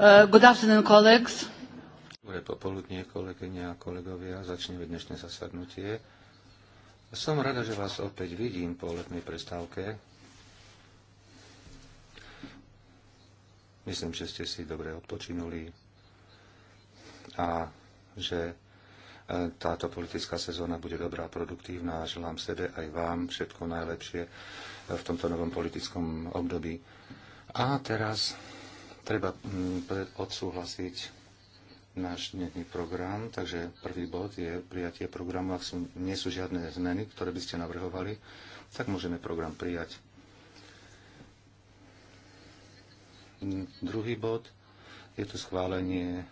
Uh, good afternoon, colleagues. Dobré popoludnie, kolegyne a kolegovia. Začneme dnešné zasadnutie. Som rada, že vás opäť vidím po letnej prestávke. Myslím, že ste si dobre odpočinuli a že e, táto politická sezóna bude dobrá a produktívna. a Želám sebe aj vám všetko najlepšie v tomto novom politickom období. A teraz Treba mm, odsúhlasiť náš dnešný program, takže prvý bod je prijatie programu. Ak sú, nie sú žiadne zmeny, ktoré by ste navrhovali, tak môžeme program prijať. Mm, druhý bod je to schválenie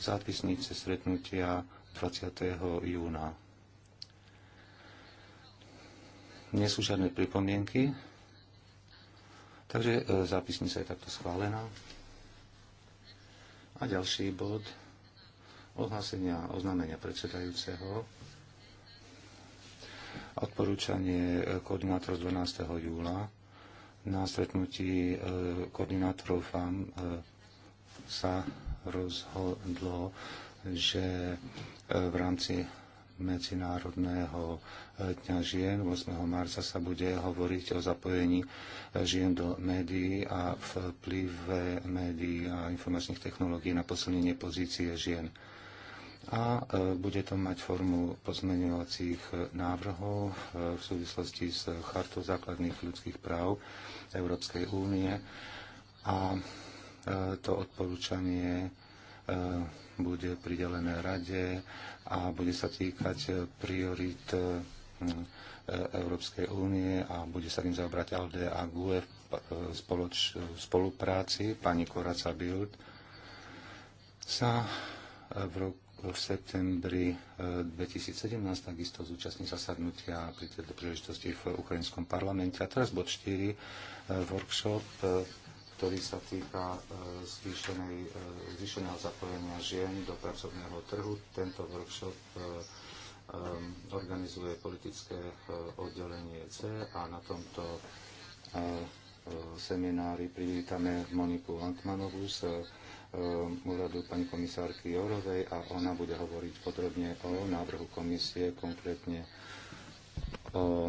zápisnice stretnutia 20. júna. Nie sú žiadne pripomienky, takže e, zápisnica je takto schválená. A ďalší bod ohlásenia oznámenia predsedajúceho odporúčanie e, koordinátorov z 12. júla na stretnutí e, koordinátorov FAM e, sa rozhodlo, že v rámci Medzinárodného e, dňa žien. 8. marca sa bude hovoriť o zapojení e, žien do médií a vplyve médií a informačných technológií na posilnenie pozície žien. A e, bude to mať formu pozmeňovacích návrhov v súvislosti s Chartou základných ľudských práv Európskej únie. A to odporúčanie E, bude pridelené rade a bude sa týkať priorit e, Európskej únie a bude sa tým zaobrať ALDE a GUE v e, spolupráci. Pani Koraca Bild sa v, roku, v septembri 2017 takisto zúčastní zasadnutia pri tejto príležitosti v Ukrajinskom parlamente. A teraz bod 4, workshop ktorý sa týka e, e, zvýšeného zapojenia žien do pracovného trhu. Tento workshop e, organizuje politické oddelenie C a na tomto seminári privítame Moniku Antmanovú z úradu pani komisárky Jorovej a ona bude hovoriť podrobne o návrhu komisie, konkrétne o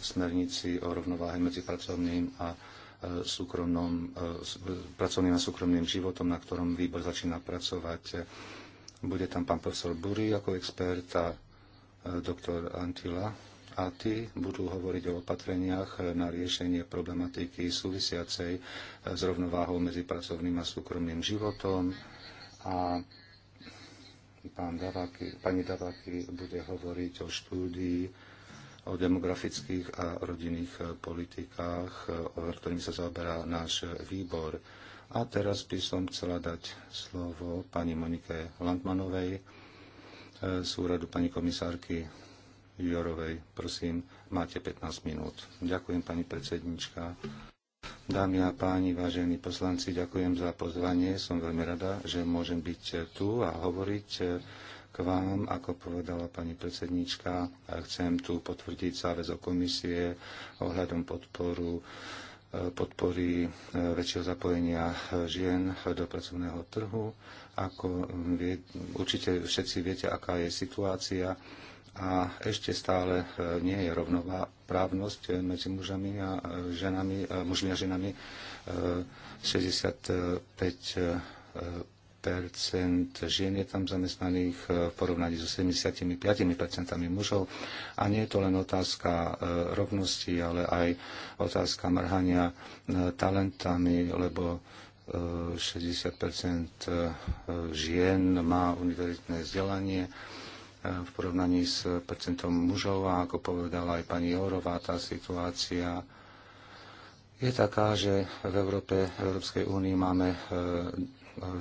smernici o rovnováhe medzi pracovným a E, súkromnom, e, e, pracovným a súkromným životom, na ktorom výbor začína pracovať. Bude tam pán profesor Bury ako expert a doktor Antila a tí budú hovoriť o opatreniach na riešenie problematiky súvisiacej s rovnováhou medzi pracovným a súkromným životom a pán Davaki, pani Davaky bude hovoriť o štúdii o demografických a rodinných e, politikách, e, ktorými sa zaoberá náš výbor. A teraz by som chcela dať slovo pani Monike Landmanovej e, z úradu pani komisárky Jorovej. Prosím, máte 15 minút. Ďakujem, pani predsednička. Dámy a páni, vážení poslanci, ďakujem za pozvanie. Som veľmi rada, že môžem byť tu a hovoriť vám, ako povedala pani predsednička. Chcem tu potvrdiť záväzok komisie ohľadom podporu e, podpory e, väčšieho zapojenia žien do pracovného trhu. Ako vie, určite všetci viete, aká je situácia a ešte stále e, nie je rovnová právnosť medzi mužami a ženami, mužmi a ženami. 65 žien je tam zamestnaných e, v porovnaní so 75 mužov. A nie je to len otázka e, rovnosti, ale aj otázka mrhania e, talentami, lebo 60 žien má univerzitné vzdelanie v porovnaní s percentom mužov a ako povedala aj pani Jourová, tá situácia je taká, že v Európe, v Európskej únii máme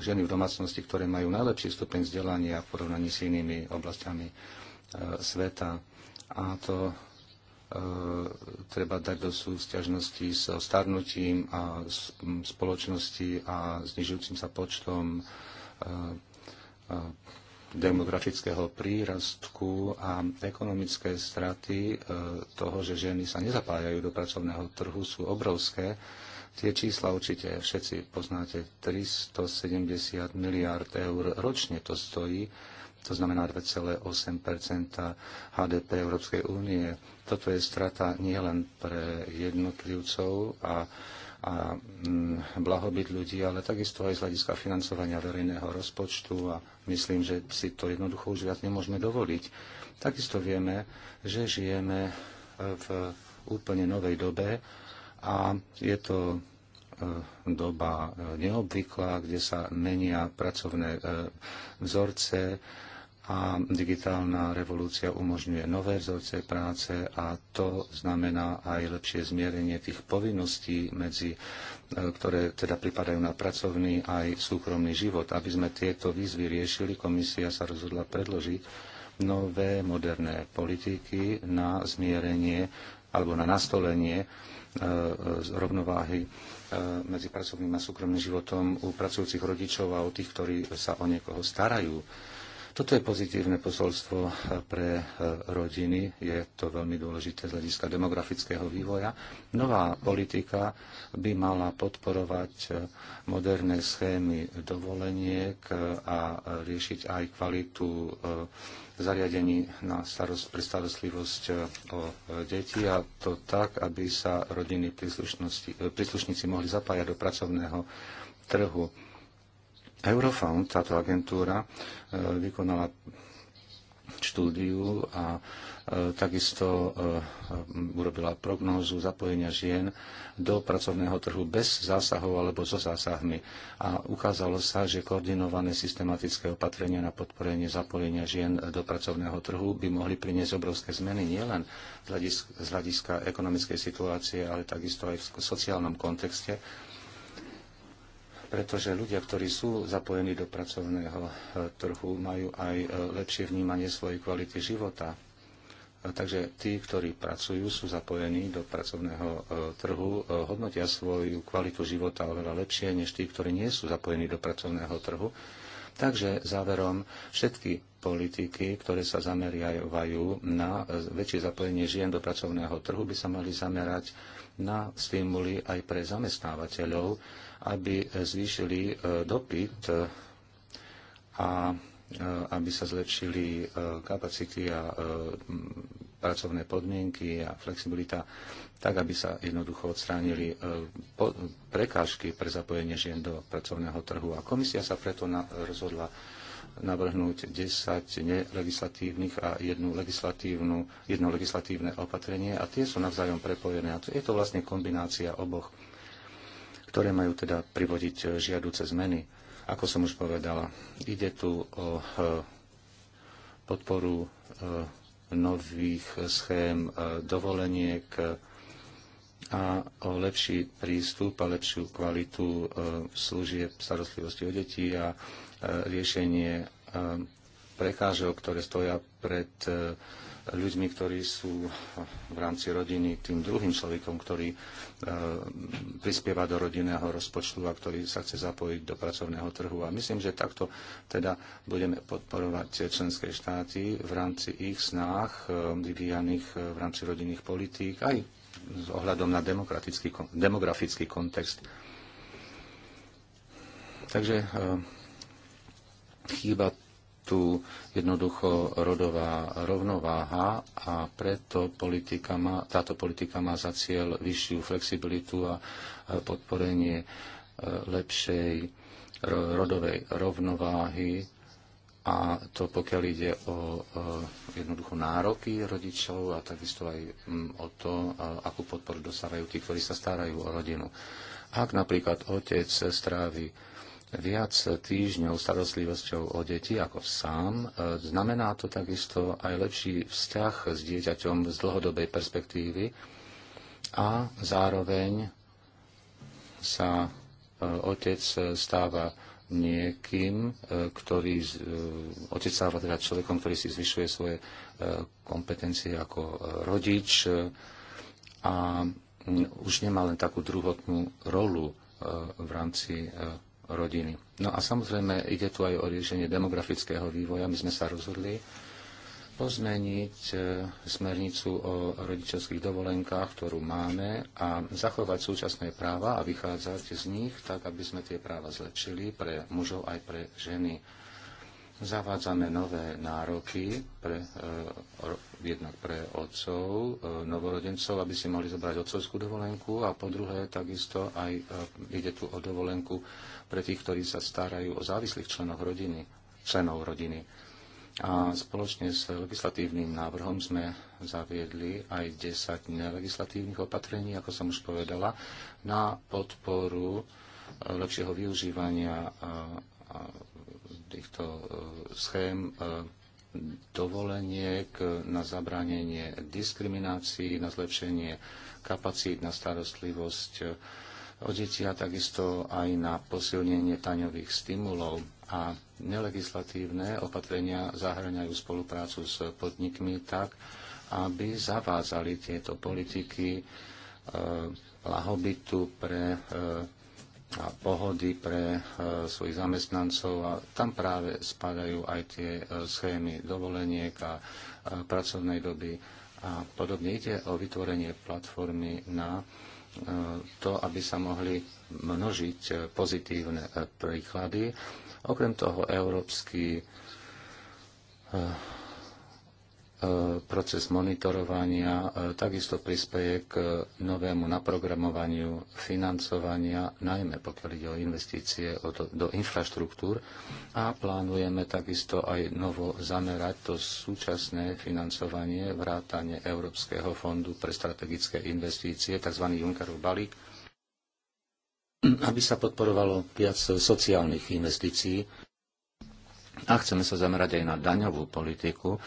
ženy v domácnosti, ktoré majú najlepší stupeň vzdelania v porovnaní s inými oblastiami e, sveta. A to e, treba dať do súťažnosti so starnutím a spoločnosti a znižujúcim sa počtom e, demografického prírastku a ekonomické straty toho, že ženy sa nezapájajú do pracovného trhu, sú obrovské Tie čísla určite všetci poznáte. 370 miliard eur ročne to stojí, to znamená 2,8 HDP Európskej únie. Toto je strata nielen pre jednotlivcov a, a mm, blahobyt ľudí, ale takisto aj z hľadiska financovania verejného rozpočtu a myslím, že si to jednoducho už viac nemôžeme dovoliť. Takisto vieme, že žijeme v úplne novej dobe, a je to eh, doba eh, neobvyklá, kde sa menia pracovné eh, vzorce a digitálna revolúcia umožňuje nové vzorce práce a to znamená aj lepšie zmierenie tých povinností, medzi, ktoré teda pripadajú na pracovný aj súkromný život. Aby sme tieto výzvy riešili, komisia sa rozhodla predložiť nové moderné politiky na zmierenie alebo na nastolenie rovnováhy e, medzi pracovným a súkromným životom u pracujúcich rodičov a u tých, ktorí sa o niekoho starajú. Toto je pozitívne posolstvo e, pre e, rodiny, je to veľmi dôležité z hľadiska demografického vývoja. Nová politika by mala podporovať moderné schémy dovoleniek a riešiť aj kvalitu zariadení na starost, pre starostlivosť e, o e, deti a to tak, aby sa rodiny e, príslušníci mohli zapájať do pracovného trhu. Eurofound, táto agentúra, vykonala štúdiu a E, takisto e, e, urobila prognózu zapojenia žien do pracovného trhu bez zásahov alebo so zásahmi. A ukázalo sa, že koordinované systematické opatrenia na podporenie zapojenia žien do pracovného trhu by mohli priniesť obrovské zmeny nielen z hľadiska ekonomickej situácie, ale takisto aj v sociálnom kontexte pretože ľudia, ktorí sú zapojení do pracovného trhu, majú aj lepšie vnímanie svojej kvality života Takže tí, ktorí pracujú, sú zapojení do pracovného e, trhu, e, hodnotia svoju kvalitu života oveľa lepšie, než tí, ktorí nie sú zapojení do pracovného trhu. Takže záverom všetky politiky, ktoré sa zameriavajú na e, väčšie zapojenie žien do pracovného trhu, by sa mali zamerať na stimuly aj pre zamestnávateľov, aby zvýšili dopyt a Eh, aby sa zlepšili eh, kapacity a eh, pracovné podmienky a flexibilita, tak aby sa jednoducho odstránili prekážky pre zapojenie žien do pracovného trhu. A komisia sa preto rozhodla navrhnúť 10 nelegislatívnych a jednu legislatívnu, jedno legislatívne opatrenie a tie sú navzájom prepojené. A to je to vlastne kombinácia oboch, ktoré majú teda privodiť žiaduce zmeny ako som už povedala, ide tu o e, podporu e, nových schém e, dovoleniek a o lepší prístup a lepšiu kvalitu služieb starostlivosti o deti a riešenie prekážok, ktoré stoja pred ľuďmi, ktorí sú v rámci rodiny tým druhým človekom, ktorý e, prispieva do rodinného rozpočtu a ktorý sa chce zapojiť do pracovného trhu. A myslím, že takto teda budeme podporovať členské štáty v rámci ich snách e, vyvíjaných e, v rámci rodinných politík aj s ohľadom na demografický kontext. Takže chýba tu jednoducho rodová rovnováha a preto politika má, táto politika má za cieľ vyššiu flexibilitu a podporenie e, lepšej rodovej rovnováhy a to pokiaľ ide o jednoducho nároky rodičov a takisto aj o to, akú podporu dostávajú tí, ktorí sa starajú o rodinu. Ak napríklad otec strávi viac týždňov starostlivosťou o deti ako sám. E, znamená to takisto aj lepší vzťah s dieťaťom z dlhodobej perspektívy a zároveň sa e, otec stáva niekým, e, ktorý, otec stáva teda človekom, ktorý si zvyšuje svoje kompetencie ako rodič a už nemá len takú druhotnú rolu v rámci rodiny. No a samozrejme ide tu aj o riešenie demografického vývoja. My sme sa rozhodli pozmeniť e, smernicu o rodičovských dovolenkách, ktorú máme a zachovať súčasné práva a vychádzať z nich tak, aby sme tie práva zlepšili pre mužov aj pre ženy. Zavádzame nové nároky pre, e, jednak pre otcov, e, novorodencov, aby si mohli zobrať otcovskú dovolenku a po druhé takisto aj ide tu o dovolenku pre tých, ktorí sa starajú o závislých členov rodiny, členov rodiny. A spoločne s legislatívnym návrhom sme zaviedli aj 10 nelegislatívnych opatrení, ako som už povedala, na podporu e, lepšieho využívania e, týchto e, schém dovoleniek na zabránenie diskriminácií, na zlepšenie kapacít, na starostlivosť odžetia, takisto aj na posilnenie taňových stimulov a nelegislatívne opatrenia zahraňajú spoluprácu s podnikmi tak, aby zavázali tieto politiky e, lahobytu pre e, a pohody pre e, svojich zamestnancov a tam práve spadajú aj tie e, schémy dovoleniek a e, pracovnej doby a podobne. Ide o vytvorenie platformy na e, to, aby sa mohli množiť pozitívne eh, príklady. Okrem toho, Európsky eh, E, proces monitorovania e, takisto prispieje k novému naprogramovaniu financovania, najmä pokiaľ ide o investície do infraštruktúr a plánujeme takisto aj novo zamerať to súčasné financovanie vrátane Európskeho fondu pre strategické investície, tzv. Junckerov balík, aby sa podporovalo viac sociálnych investícií a chceme sa zamerať aj na daňovú politiku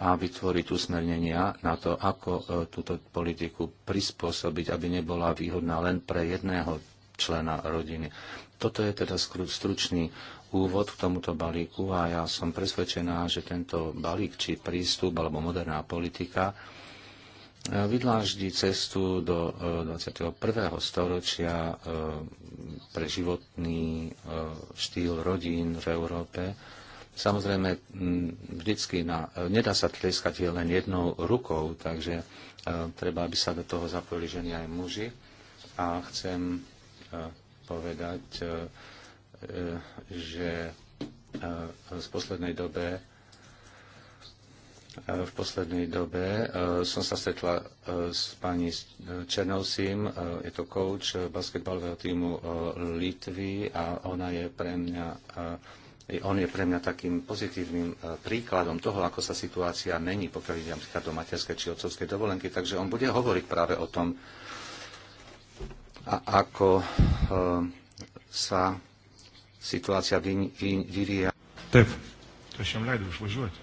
a vytvoriť usmernenia na to, ako e, túto politiku prispôsobiť, aby nebola výhodná len pre jedného člena rodiny. Toto je teda stručný úvod k tomuto balíku a ja som presvedčená, že tento balík či prístup alebo moderná politika e, vydláždi cestu do 21. E, storočia pre životný štýl rodín v Európe Samozrejme, vždycky na, nedá sa tlieskať len jednou rukou, takže e, treba, aby sa do toho zapojili ženy aj muži. A chcem e, povedať, e, že z poslednej dobe v poslednej dobe som sa stretla s pani Černovsím, je to coach basketbalového týmu Litvy a ona je pre mňa on je pre mňa takým pozitívnym e, príkladom toho, ako sa situácia mení, pokiaľ idem napríklad do materskej či otcovskej dovolenky. Takže on bude hovoriť práve o tom, ako e, sa situácia vyvíja. Taip, aš jam leidau išvažiuoti.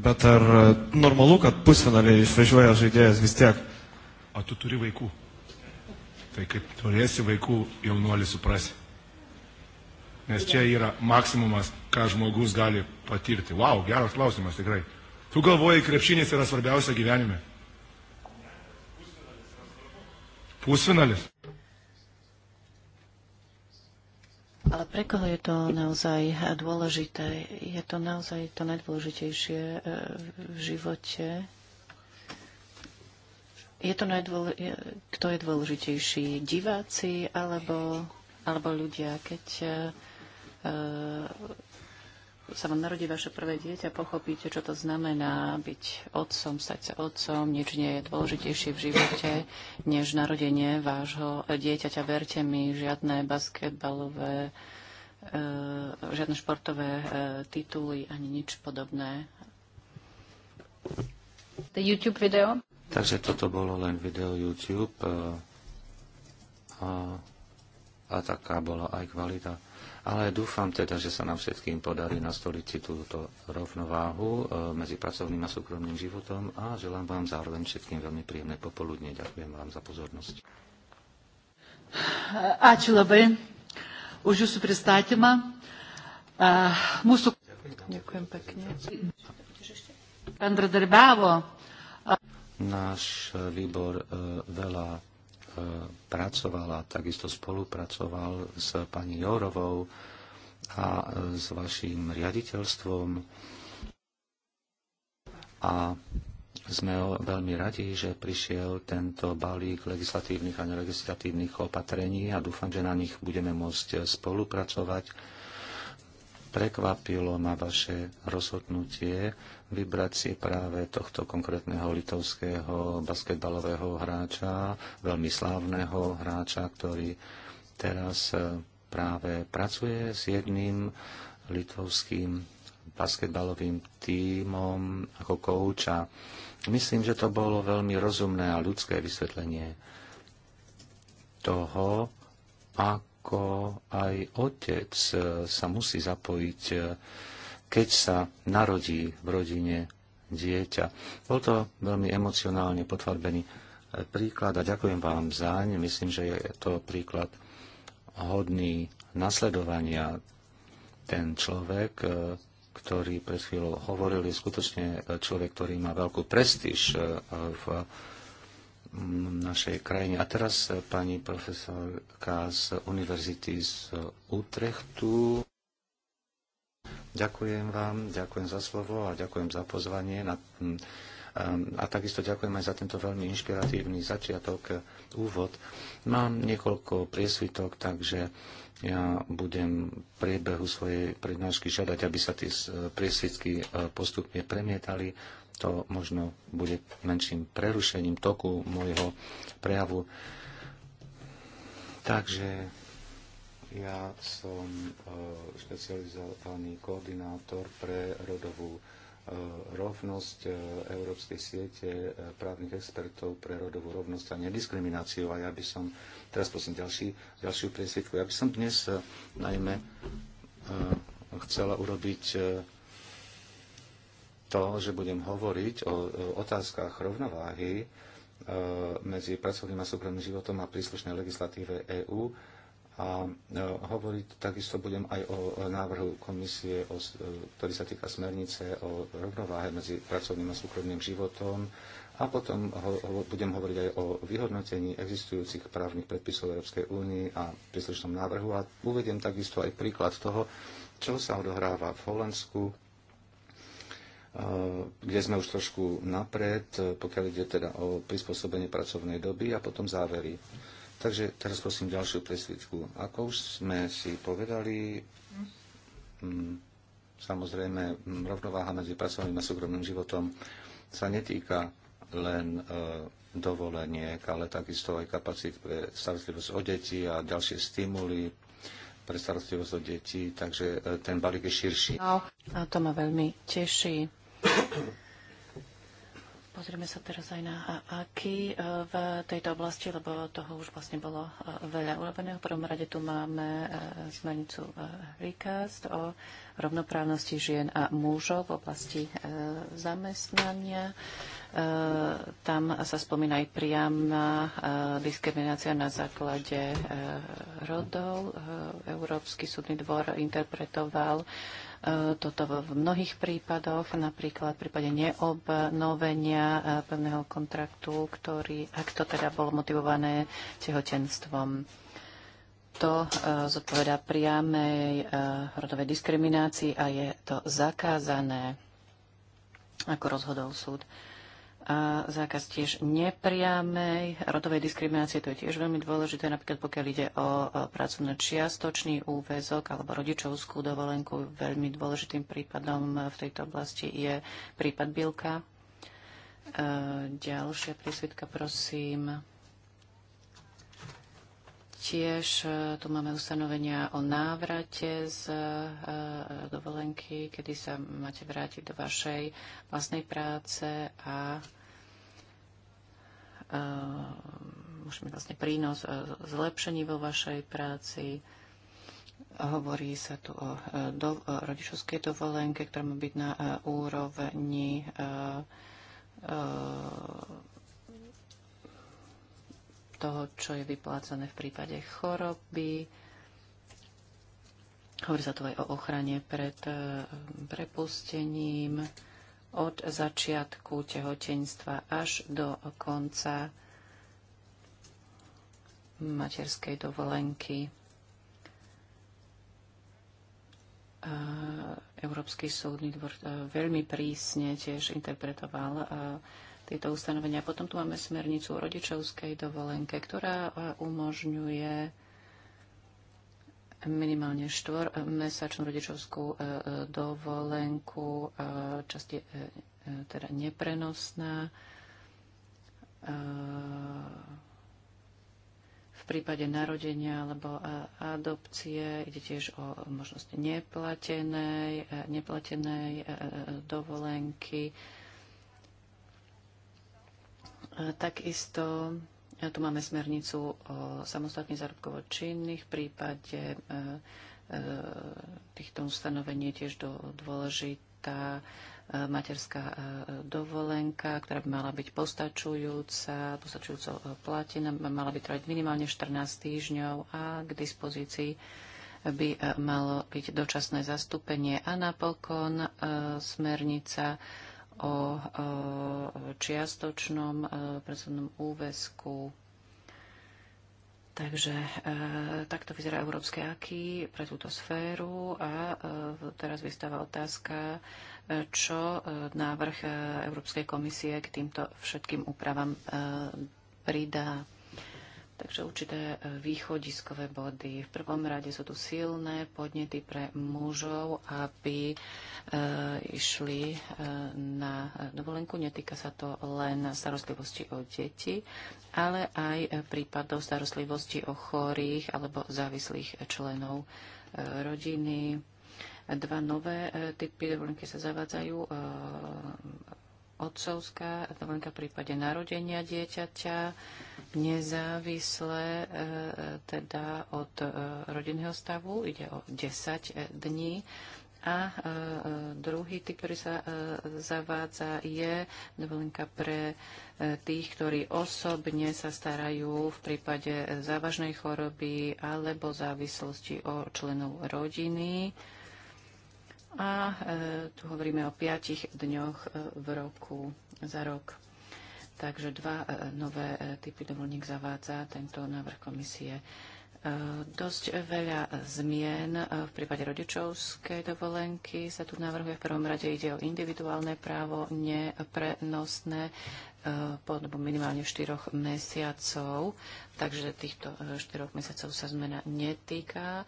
Bet ar e, normalu, kad pusfinaliai išvažiuoja žaidėjas vis tiek? O tu turi vaikų. Tai kaip turėsi vaikų, jaunuolį suprasi. Nes čia yra maksimumas, ką žmogus gali patirti. Vau, wow, geras klausimas tikrai. Tu galvoji, krepšinis yra svarbiausia gyvenime? Pusfinalis. Ale pre koho je to naozaj dôležité? Je to naozaj to najdôležitejšie e, v živote? Je to najdôležitejšie, Kto je dôležitejší? Diváci alebo, alebo ľudia? Keď e, E, sa vám narodí vaše prvé dieťa, pochopíte, čo to znamená byť otcom, stať sa otcom. Nič nie je dôležitejšie v živote, než narodenie vášho dieťaťa. Verte mi, žiadne basketbalové, e, žiadne športové e, tituly ani nič podobné. The YouTube video. Takže toto bolo len video YouTube a, a taká bola aj kvalita ale dúfam teda, že sa nám všetkým podarí nastoliť si túto rovnováhu e, medzi pracovným a súkromným životom a želám vám zároveň všetkým veľmi príjemné popoludne. Ďakujem vám za pozornosť. Ačiū labai už jūsų pristatymą. Mūsų... Ďakujem pekne. Bendradarbiavo. Náš výbor e, veľa a takisto spolupracoval s pani Jorovou a s vašim riaditeľstvom. A sme veľmi radi, že prišiel tento balík legislatívnych a nelegislatívnych opatrení a dúfam, že na nich budeme môcť spolupracovať. Prekvapilo ma vaše rozhodnutie si práve tohto konkrétneho litovského basketbalového hráča, veľmi slávneho hráča, ktorý teraz e, práve pracuje s jedným litovským basketbalovým tímom ako kouča. Myslím, že to bolo veľmi rozumné a ľudské vysvetlenie toho, ako aj otec e, sa musí zapojiť e, keď sa narodí v rodine dieťa. Bol to veľmi emocionálne potvarbený eh, príklad a ďakujem vám zaň. Myslím, že je to príklad hodný nasledovania. Ten človek, eh, ktorý pred chvíľou hovoril, je skutočne eh, človek, ktorý má veľkú prestíž v mm, našej krajine. A teraz pani profesorka z Univerzity z Utrechtu. Ďakujem vám, ďakujem za slovo a ďakujem za pozvanie. Na, hm, hm, a takisto ďakujem aj za tento veľmi inšpiratívny začiatok, eh, úvod. Mám niekoľko priesvitok, takže ja budem v priebehu svojej prednášky žiadať, aby sa tie eh, priesvitky eh, postupne premietali. To možno bude menším prerušením toku môjho prejavu. Takže ja som e, špecializovaný koordinátor pre rodovú e, rovnosť e, Európskej siete právnych expertov pre rodovú rovnosť a nediskrimináciu. A ja by som, teraz prosím ďalší, ďalšiu priesvitku, ja by som dnes najmä chcela urobiť to, že budem hovoriť o otázkach rovnováhy medzi pracovným a súkromným životom a príslušnej legislatíve EÚ a e, hovoriť takisto budem aj o návrhu komisie, o, e, ktorý sa týka smernice o rovnováhe medzi pracovným a súkromným životom. A potom ho, ho, budem hovoriť aj o vyhodnotení existujúcich právnych predpisov Európskej únie a príslušnom návrhu. A uvediem takisto aj príklad toho, čo sa odohráva v Holandsku, e, kde sme už trošku napred, pokiaľ ide teda o prispôsobenie pracovnej doby a potom závery. Takže teraz prosím ďalšiu presvitku. Ako už sme si povedali, mm, samozrejme mm, rovnováha medzi pracovným a súkromným životom sa netýka len e, dovoleniek, ale takisto aj kapacít pre starostlivosť o deti a ďalšie stimuly pre starostlivosť o deti, takže e, ten balík je širší. No, a to ma veľmi teší. Pozrieme sa teraz aj na aký e, v tejto oblasti, lebo toho už vlastne bolo e, veľa urobeného. V prvom rade tu máme zmenicu e, Recast o rovnoprávnosti žien a mužov v oblasti zamestnania. Tam sa spomína aj priama diskriminácia na základe rodov. Európsky súdny dvor interpretoval E, toto v mnohých prípadoch, napríklad v prípade neobnovenia e, pevného kontraktu, ktorý, ak to teda bolo motivované tehotenstvom. To e, zodpovedá priamej rodovej diskriminácii a je to zakázané, ako rozhodol súd zákaz tiež nepriamej rodovej diskriminácie, to je tiež veľmi dôležité, napríklad pokiaľ ide o na čiastočný úvezok alebo rodičovskú dovolenku. Veľmi dôležitým prípadom v tejto oblasti je prípad Bilka. E, ďalšia prísvitka, prosím. Tiež e, tu máme ustanovenia o návrate z e, dovolenky, kedy sa máte vrátiť do vašej vlastnej práce a Eh, môžeme mať vlastne prínos eh, zlepšení vo vašej práci. Hovorí sa tu o eh, do, rodičovskej dovolenke, ktorá má byť na úrovni toho, čo je vyplácané v prípade choroby. Hovorí sa tu aj o ochrane pred prepustením od začiatku tehotenstva až do konca materskej dovolenky. Európsky súdny dvor e, veľmi prísne tiež interpretoval e, tieto ustanovenia. Potom tu máme smernicu o rodičovskej dovolenke, ktorá e, umožňuje minimálne štvor e, mesačnú rodičovskú e, e, dovolenku, časti teda neprenosná. V prípade narodenia alebo adopcie ide tiež o možnosť neplatenej, neplatenej dovolenky. Takisto ja tu máme smernicu o samostatne zárobkovo činných. V prípade e, e, týchto ustanovení je tiež do, dôležitá e, materská e, dovolenka, ktorá by mala byť postačujúca, postačujúco e, platená, mala by trvať minimálne 14 týždňov a k dispozícii by e, malo byť dočasné zastúpenie. A napokon smernica o čiastočnom e, pracovnom úväzku. Takže e, takto vyzerá európske aký pre túto sféru a e, teraz vystáva otázka, čo návrh Európskej komisie k týmto všetkým úpravám pridá. Takže určité e, východiskové body. V prvom rade sú tu silné podnety pre mužov, aby e, išli e, na dovolenku. Netýka sa to len starostlivosti o deti, ale aj e, prípadov starostlivosti o chorých alebo závislých členov e, rodiny. Dva nové e, typy dovolenky sa zavádzajú otcovská dovolenka v prípade narodenia dieťaťa, nezávisle e, teda od e, rodinného stavu, ide o 10 e, dní. A druhý typ, ktorý sa zavádza, je dovolenka pre tých, ktorí osobne sa starajú v prípade závažnej choroby alebo závislosti o členov rodiny a e, tu hovoríme o piatich dňoch e, v roku za rok. Takže dva e, nové typy dovolník zavádza tento návrh komisie. Dosť veľa zmien v prípade rodičovskej dovolenky sa tu navrhuje. V prvom rade ide o individuálne právo, neprenosné alebo eh, minimálne 4 mesiacov, takže týchto 4 eh, mesiacov sa zmena netýka.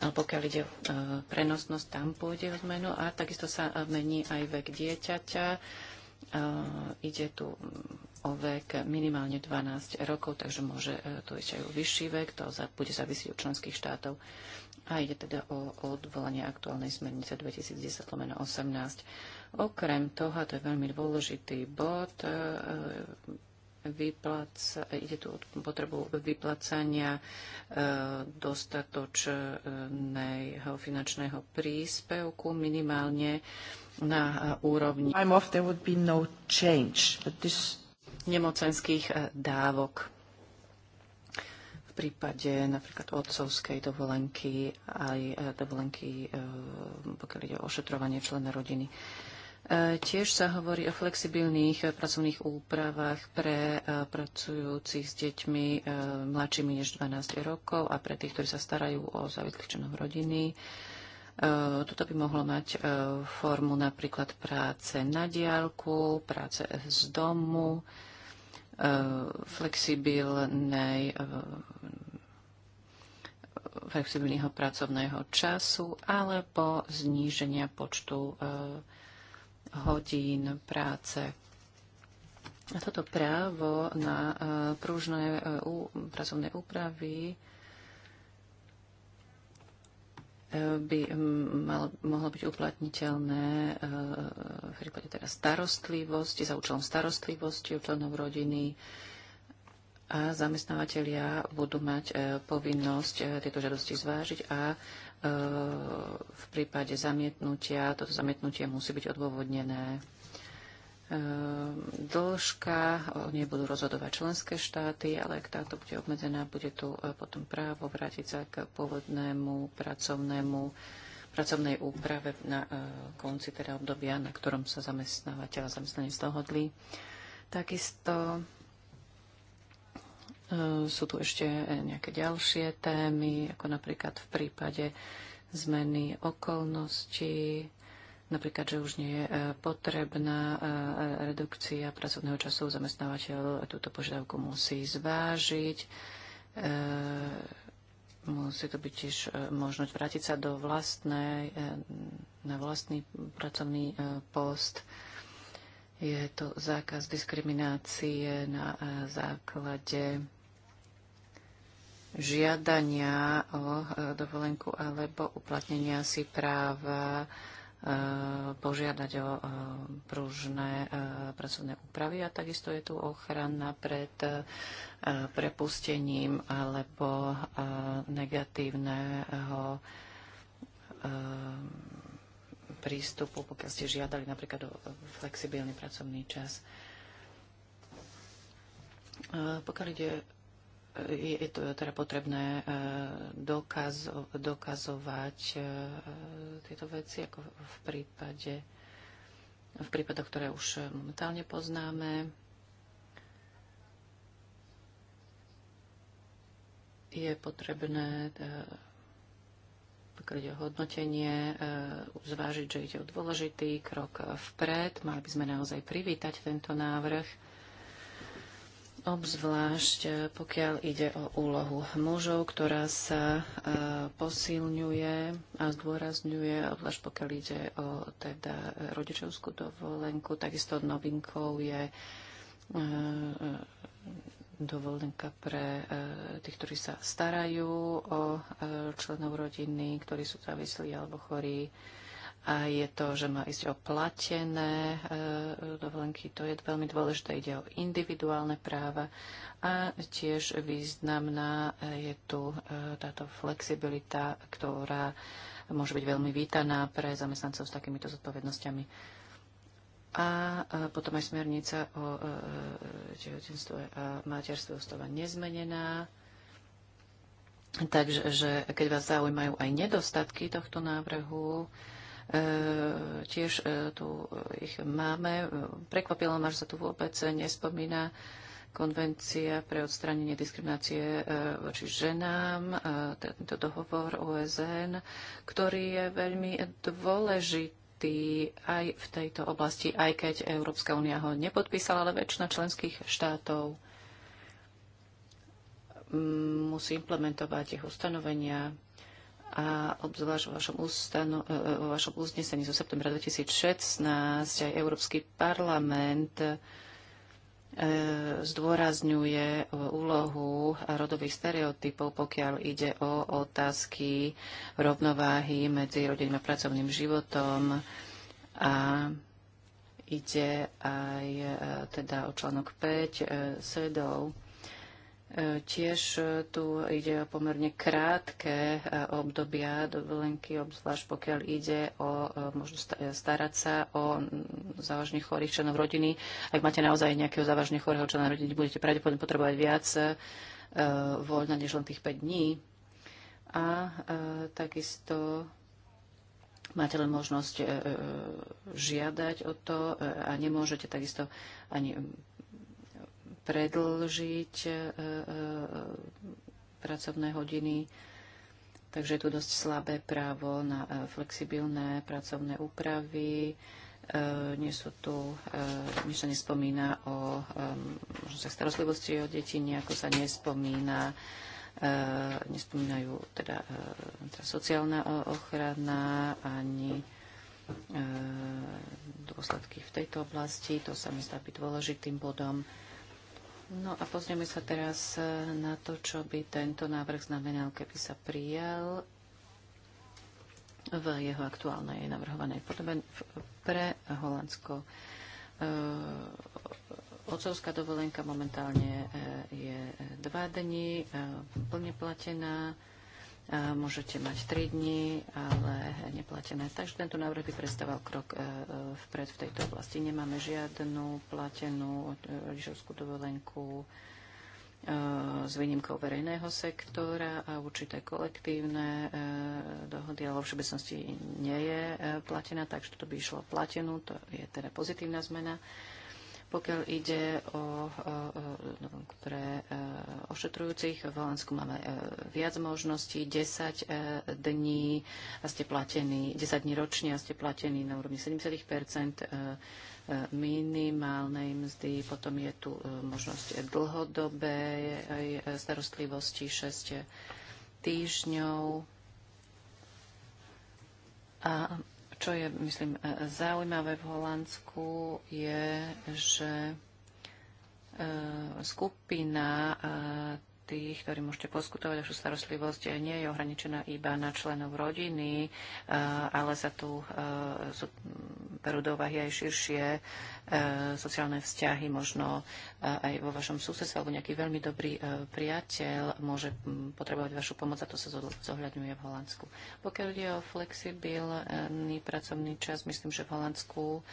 Ale pokiaľ ide o eh, prenosnosť, tam pôjde o zmenu a takisto sa mení aj vek dieťaťa. Ide tu mm, o vek minimálne 12 rokov, takže môže tu ísť aj o vyšší vek, to bude závisieť od členských štátov. A ide teda o odvolanie aktuálnej smernice 2010 18 Okrem toho, a to je veľmi dôležitý bod, e, vyplac, ide tu o potrebu vyplacania e, dostatočného finančného príspevku minimálne na e, úrovni no change, this... nemocenských dávok v prípade napríklad otcovskej dovolenky aj dovolenky, pokiaľ ide o ošetrovanie člena rodiny. E, tiež sa hovorí o flexibilných e, pracovných úpravách pre e, pracujúcich s deťmi mladšími než 12 rokov a pre tých, ktorí sa starajú o závislých členov rodiny. Toto by mohlo mať formu napríklad práce na diálku, práce z domu, flexibilnej flexibilného pracovného času alebo zníženia počtu e, hodín práce. A toto právo na e, pružné e, pracovné úpravy e, by mal, mohlo byť uplatniteľné v prípade teda starostlivosti, za účelom starostlivosti o členov rodiny, a zamestnávateľia budú mať e, povinnosť e, tieto žiadosti zvážiť a e, v prípade zamietnutia, toto zamietnutie musí byť odôvodnené. Dĺžka, o nej budú rozhodovať členské štáty, ale ak táto bude obmedzená, bude tu potom právo vrátiť sa k pôvodnému pracovnému pracovnej úprave na konci teda obdobia, na ktorom sa zamestnávateľ a zamestnanec dohodli. Takisto E, sú tu ešte nejaké ďalšie témy, ako napríklad v prípade zmeny okolností, napríklad, že už nie je e, potrebná e, redukcia pracovného času, zamestnávateľ túto požiadavku musí zvážiť, musí to byť tiež možnosť vrátiť sa do vlastnej, na vlastný pracovný post. Je to zákaz diskriminácie na základe žiadania o e, dovolenku alebo uplatnenia si práva e, požiadať o e, pružné pracovné úpravy a takisto je tu ochrana pred prepustením alebo negatívneho prístupu, pokiaľ ste žiadali napríklad o flexibilný pracovný čas. Pokiaľ ide je to teda potrebné e, dokazovať e, tieto veci, ako v prípade v prípadoch, ktoré už momentálne poznáme. Je potrebné e, pokiaľ ide hodnotenie, zvážiť, že ide o dôležitý krok vpred. Mali by sme naozaj privítať tento návrh obzvlášť e, pokiaľ ide o úlohu mužov, ktorá sa e, posilňuje a zdôrazňuje, obzvlášť pokiaľ ide o teda rodičovskú dovolenku. Takisto novinkou je e, dovolenka pre tých, ktorí sa starajú o členov rodiny, ktorí sú závislí alebo chorí a je to, že má ísť o platené e, dovolenky. To je veľmi dôležité. Ide o individuálne práva a tiež významná e, je tu e, táto flexibilita, ktorá môže byť veľmi vítaná pre zamestnancov s takýmito zodpovednosťami. A potom aj smernica o tehotenstve a materstve ostáva nezmenená. Takže že keď vás zaujímajú aj nedostatky tohto návrhu, E, tiež e, tu ich máme. Prekvapilo ma, že sa tu vôbec nespomína konvencia pre odstránenie diskriminácie e, voči ženám, tento dohovor OSN, ktorý je veľmi dôležitý aj v tejto oblasti, aj keď Európska únia ho nepodpísala, ale väčšina členských štátov musí implementovať ich ustanovenia a obzvlášť vo vašom, ustano, e, e, vo vašom uznesení zo septembra 2016 aj Európsky parlament e, zdôrazňuje úlohu rodových stereotypov, pokiaľ ide o otázky rovnováhy medzi rodinným a pracovným životom a ide aj teda o článok 5 sedov. Tiež e, tu ide o pomerne krátke e, obdobia dovolenky, obzvlášť pokiaľ ide o e, možnosť starať sa o závažne chorých členov rodiny. Ak máte naozaj nejakého závažne chorého člena rodiny, budete pravdepodobne potrebovať viac voľna než len tých 5 dní. A takisto máte len možnosť žiadať o to a nemôžete takisto ani predlžiť e, e, pracovné hodiny. Takže je tu dosť slabé právo na e, flexibilné pracovné úpravy. Nie sú tu, nič sa nespomína o možno starostlivosti o deti, nejako sa nespomína nespomínajú teda, teda sociálna ochrana ani dôsledky v tejto oblasti. To sa mi zdá byť dôležitým bodom. No a pozrieme sa teraz eh, na to, čo by tento návrh znamenal, keby sa prijal v jeho aktuálnej navrhovanej podobe pre Holandsko. Eh, Ocovská dovolenka momentálne eh, je dva dni, plne platená môžete mať 3 dní, ale neplatené. Takže tento návrh by predstavoval krok e, e, vpred v tejto oblasti. Nemáme žiadnu platenú e, rodičovskú dovolenku s výnimkou verejného sektora a určité kolektívne dohody, ale vo všeobecnosti nie je platená, takže toto by išlo platenú, to je teda pozitívna zmena. Pokiaľ ide o, pre e, ošetrujúcich, v Holandsku máme e, viac možností, 10 e, dní a ste platení, 10 dní ročne a ste platení na úrovni 70 minimálnej mzdy, potom je tu možnosť dlhodobej starostlivosti 6 týždňov. A čo je, myslím, e, zaujímavé v Holandsku, je, že e, skupina e, tých, ktorí môžete poskutovať vašu starostlivosť, nie je ohraničená iba na členov rodiny, eh, ale sa tu eh, berú do úvahy aj širšie eh, sociálne vzťahy, možno aj vo vašom susedstve, alebo nejaký veľmi dobrý priateľ môže hm, potrebovať vašu pomoc a to sa zohľadňuje v Holandsku. Pokiaľ ide o flexibilný pracovný čas, myslím, že v Holandsku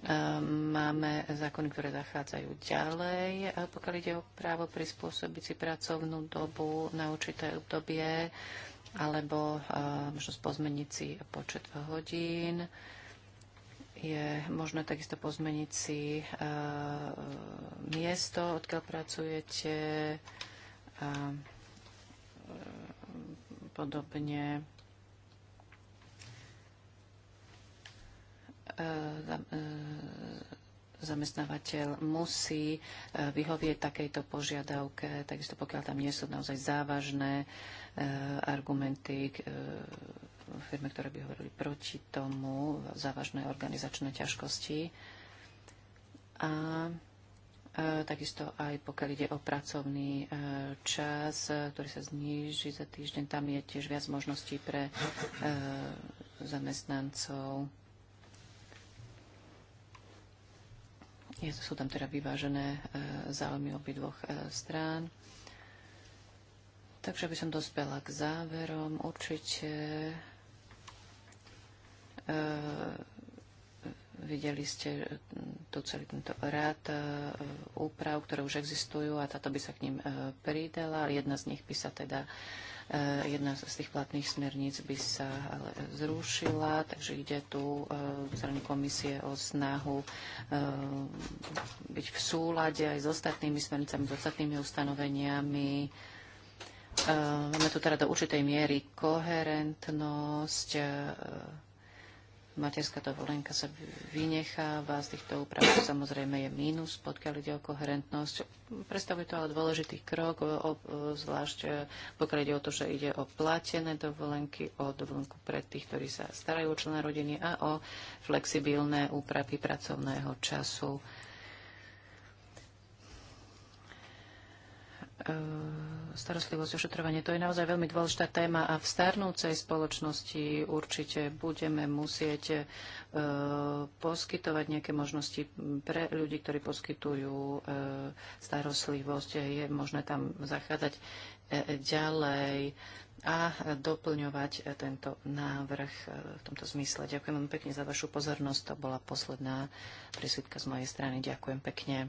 Ehm, máme zákony, ktoré zachádzajú ďalej, pokiaľ ide o právo prispôsobiť si pracovnú dobu na určité obdobie, alebo ehm, možnosť pozmeniť si počet hodín. Je možné takisto pozmeniť si ehm, miesto, odkiaľ pracujete a podobne E, zamestnávateľ musí e, vyhovieť takejto požiadavke, takisto pokiaľ tam nie sú naozaj závažné e, argumenty firmy, ktoré by hovorili proti tomu, závažné organizačné ťažkosti. A takisto aj pokiaľ ide o pracovný čas, ktorý sa zníži za týždeň, tam je tiež viac možností pre zamestnancov. Nie sú tam teda vyvážené e, záujmy obidvoch e, strán. Takže by som dospela k záverom. Určite e, videli ste e, tu celý tento rád e, úprav, ktoré už existujú a táto by sa k ním e, pridala. Jedna z nich by sa teda e, Eh, jedna z tých platných smerníc by sa ale zrušila, takže ide tu eh, strany komisie o snahu eh, byť v súlade aj s ostatnými smernicami, s ostatnými ustanoveniami. Máme tu teda do určitej miery koherentnosť materská dovolenka sa vynecháva z týchto úprav. Samozrejme je mínus, pokiaľ ide o koherentnosť. Predstavuje to ale dôležitý krok, o, o, zvlášť e, pokiaľ ide o to, že ide o platené dovolenky, o dovolenku pre tých, ktorí sa starajú o člena rodiny a o flexibilné úpravy pracovného času E, starostlivosť, ošetrovanie. To je naozaj veľmi dôležitá téma a v starnúcej spoločnosti určite budeme musieť e, poskytovať nejaké možnosti pre ľudí, ktorí poskytujú e, starostlivosť. Je možné tam zachádzať ďalej a doplňovať tento návrh v tomto zmysle. Ďakujem vám pekne za vašu pozornosť. To bola posledná prísvitka z mojej strany. Ďakujem pekne.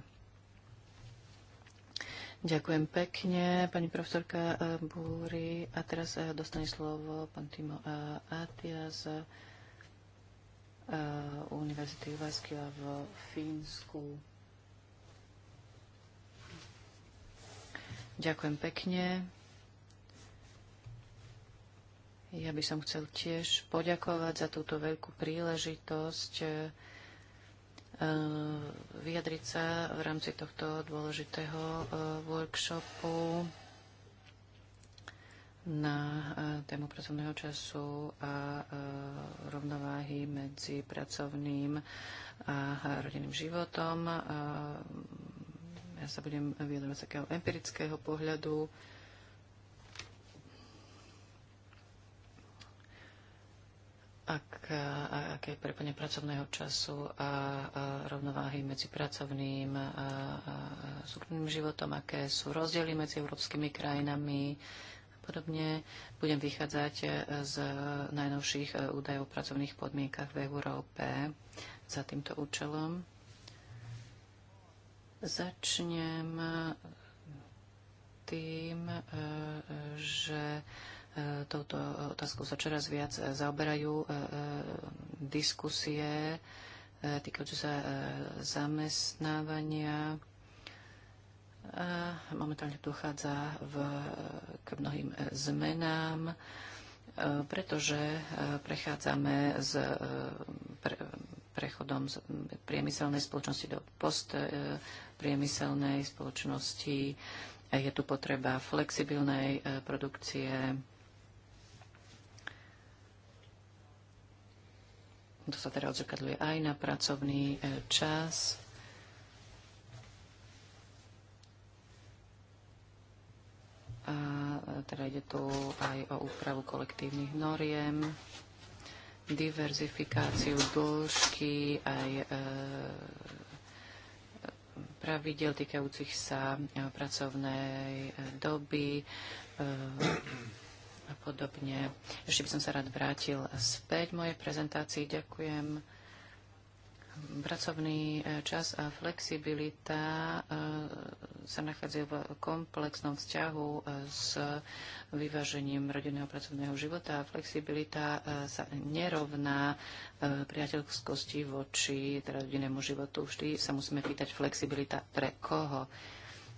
Ďakujem pekne, pani profesorka eh, Búry. A teraz eh, dostane slovo pán Timo eh, Atia z Univerzity Jyväskylä v Fínsku. Ďakujem pekne. Ja by som chcel tiež poďakovať za túto veľkú príležitosť Eh, vyjadriť sa v rámci tohto dôležitého eh, workshopu na eh, tému pracovného času a rovnováhy medzi pracovným a rodinným životom. Ja sa budem vyjadrovať z takého empirického pohľadu. ak, aké prepojenie pracovného času a, a rovnováhy medzi pracovným a, a súkromným životom, aké sú rozdiely medzi európskymi krajinami a podobne. Budem vychádzať e, z najnovších e, údajov o pracovných podmienkach v Európe za týmto účelom. Začnem tým, e, že touto otázkou sa čoraz viac e, zaoberajú e, e, diskusie týkajúce sa zamestnávania. Momentálne dochádza v, k mnohým zmenám, pretože prechádzame s pre, prechodom z priemyselnej spoločnosti do postpriemyselnej spoločnosti. Je tu potreba flexibilnej produkcie, To sa teda odzrkadľuje aj na pracovný e, čas. A e, teda ide tu aj o úpravu kolektívnych noriem, diverzifikáciu dĺžky, aj e, pravidel týkajúcich sa pracovnej doby, a podobne. Ešte by som sa rád vrátil späť mojej prezentácii. Ďakujem. Pracovný e, čas a flexibilita e, sa nachádzajú v komplexnom vzťahu e, s vyvážením rodinného pracovného života flexibilita sa nerovná priateľskosti voči teda rodinnému životu. Vždy sa musíme pýtať flexibilita pre koho.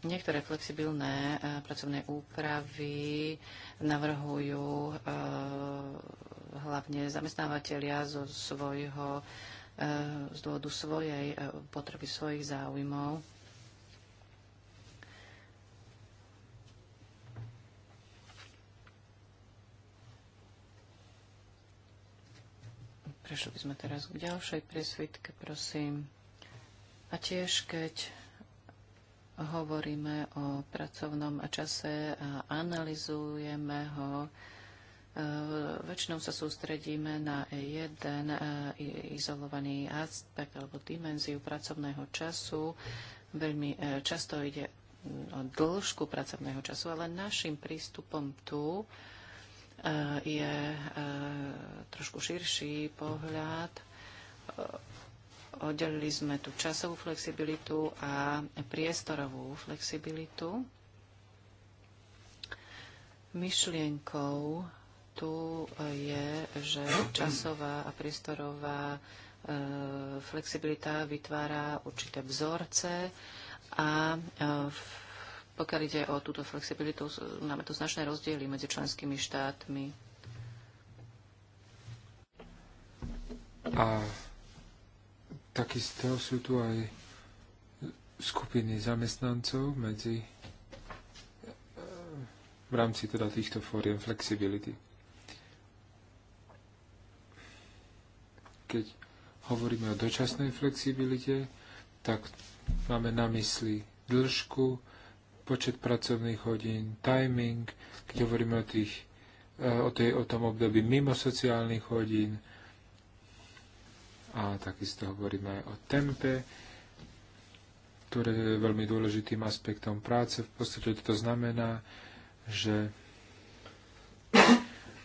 Niektoré flexibilné e, pracovné úpravy navrhujú e, hlavne zamestnávateľia zo svojho, e, z dôvodu svojej potreby svojich záujmov. Prešli by sme teraz k ďalšej presvitke, prosím. A tiež, keď hovoríme o pracovnom čase a analizujeme ho. E, väčšinou sa sústredíme na jeden e, izolovaný aspekt alebo dimenziu pracovného času. Veľmi e, často ide o dĺžku pracovného času, ale našim prístupom tu je trošku širší pohľad Oddelili sme tu časovú flexibilitu a priestorovú flexibilitu. Myšlienkou tu je, že časová a priestorová e, flexibilita vytvára určité vzorce a e, pokiaľ ide o túto flexibilitu, máme tu značné rozdiely medzi členskými štátmi. A Takisto sú tu aj skupiny zamestnancov medzi e, v rámci teda týchto fóriem flexibility. Keď hovoríme o dočasnej flexibilite, tak máme na mysli dĺžku, počet pracovných hodín, timing, keď hovoríme o, tých, e, o, tej, o tom období mimo sociálnych hodín, a takisto hovoríme aj o tempe, ktoré je veľmi dôležitým aspektom práce. V podstate to znamená, že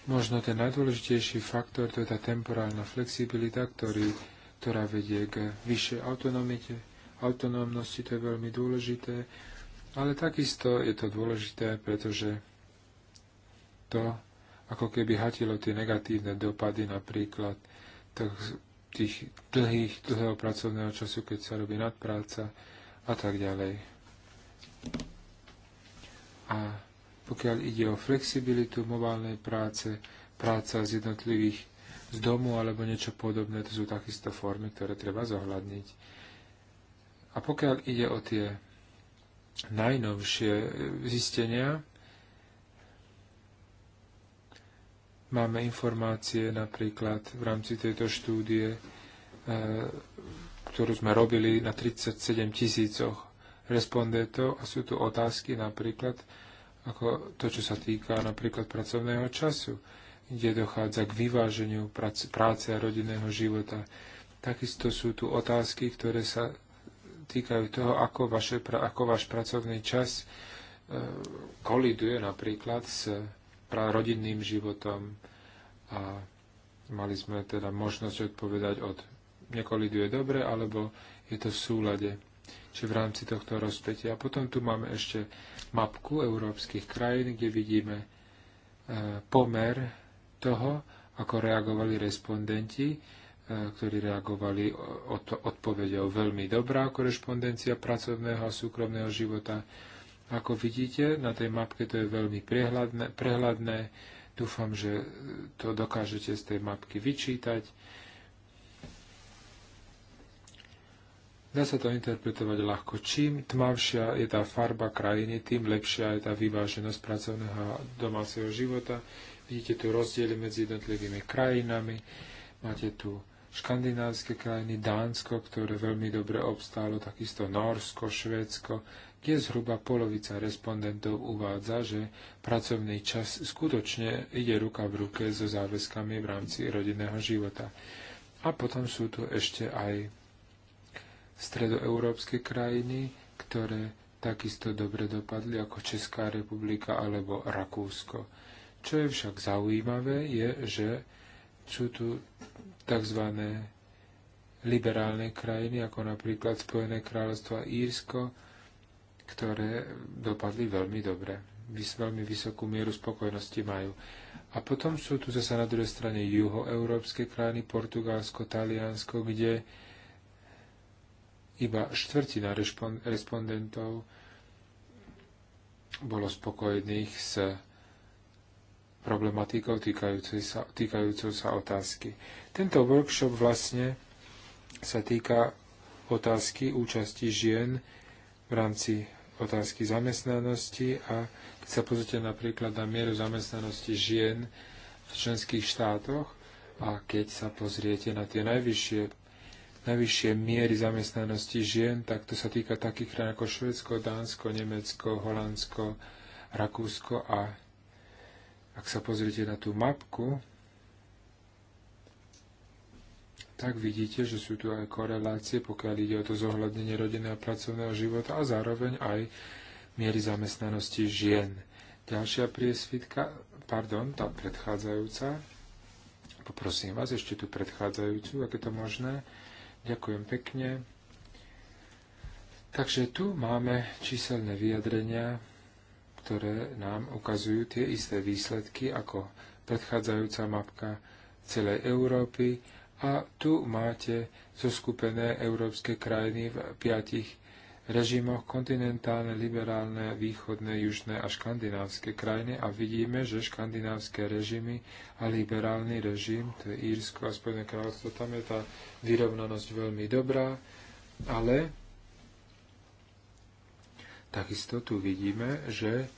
možno ten najdôležitejší faktor to je tá temporálna flexibilita, ktorý, ktorá vedie k vyššej autonomite, autonómnosti, to je veľmi dôležité, ale takisto je to dôležité, pretože to ako keby hatilo tie negatívne dopady napríklad tých dlhých, dlhého pracovného času, keď sa robí nadpráca a tak ďalej. A pokiaľ ide o flexibilitu mobilnej práce, práca z jednotlivých z domu alebo niečo podobné, to sú takisto formy, ktoré treba zohľadniť. A pokiaľ ide o tie najnovšie e, zistenia, Máme informácie napríklad v rámci tejto štúdie, eh, ktorú sme robili na 37 tisícoch respondentov a sú tu otázky napríklad ako to, čo sa týka napríklad pracovného času, kde dochádza k vyváženiu práce a rodinného života. Takisto sú tu otázky, ktoré sa týkajú toho, ako, vaše, ako váš pracovný čas eh, koliduje napríklad s rodinným životom a mali sme teda možnosť odpovedať od nekoliduje dobre, alebo je to v súlade, či v rámci tohto rozpätia. A potom tu máme ešte mapku európskych krajín, kde vidíme e, pomer toho, ako reagovali respondenti, e, ktorí reagovali od, odpovedou veľmi dobrá korešpondencia pracovného a súkromného života, ako vidíte, na tej mapke to je veľmi prehľadné. prehľadné. Dúfam, že to dokážete z tej mapky vyčítať. Dá sa to interpretovať ľahko. Čím tmavšia je tá farba krajiny, tým lepšia je tá vyváženosť pracovného a domáceho života. Vidíte tu rozdiely medzi jednotlivými krajinami. Máte tu škandinávske krajiny, Dánsko, ktoré veľmi dobre obstálo, takisto Norsko, Švédsko kde zhruba polovica respondentov uvádza, že pracovný čas skutočne ide ruka v ruke so záväzkami v rámci rodinného života. A potom sú tu ešte aj stredoeurópske krajiny, ktoré takisto dobre dopadli ako Česká republika alebo Rakúsko. Čo je však zaujímavé, je, že sú tu tzv liberálne krajiny, ako napríklad Spojené kráľovstvo a Írsko, ktoré dopadli veľmi dobre. Veľmi vysokú mieru spokojnosti majú. A potom sú tu zase na druhej strane juhoeurópske krajiny, Portugalsko, Taliansko, kde iba štvrtina respondentov bolo spokojných s problematikou týkajúcej sa, týkajúcou sa otázky. Tento workshop vlastne sa týka otázky účasti žien v rámci otázky zamestnanosti a keď sa pozrite napríklad na mieru zamestnanosti žien v členských štátoch a keď sa pozriete na tie najvyššie, najvyššie miery zamestnanosti žien, tak to sa týka takých krajín ako Švedsko, Dánsko, Nemecko, Holandsko, Rakúsko a ak sa pozriete na tú mapku, tak vidíte, že sú tu aj korelácie, pokiaľ ide o to zohľadnenie rodinného a pracovného života a zároveň aj miery zamestnanosti žien. Ďalšia priesvitka, pardon, tá predchádzajúca. Poprosím vás ešte tú predchádzajúcu, ak je to možné. Ďakujem pekne. Takže tu máme číselné vyjadrenia, ktoré nám ukazujú tie isté výsledky ako predchádzajúca mapka celej Európy a tu máte zoskupené európske krajiny v piatich režimoch kontinentálne, liberálne, východné, južné a škandinávske krajiny a vidíme, že škandinávske režimy a liberálny režim, to je Írsko a Spojené kráľovstvo, tam je tá vyrovnanosť veľmi dobrá, ale takisto tu vidíme, že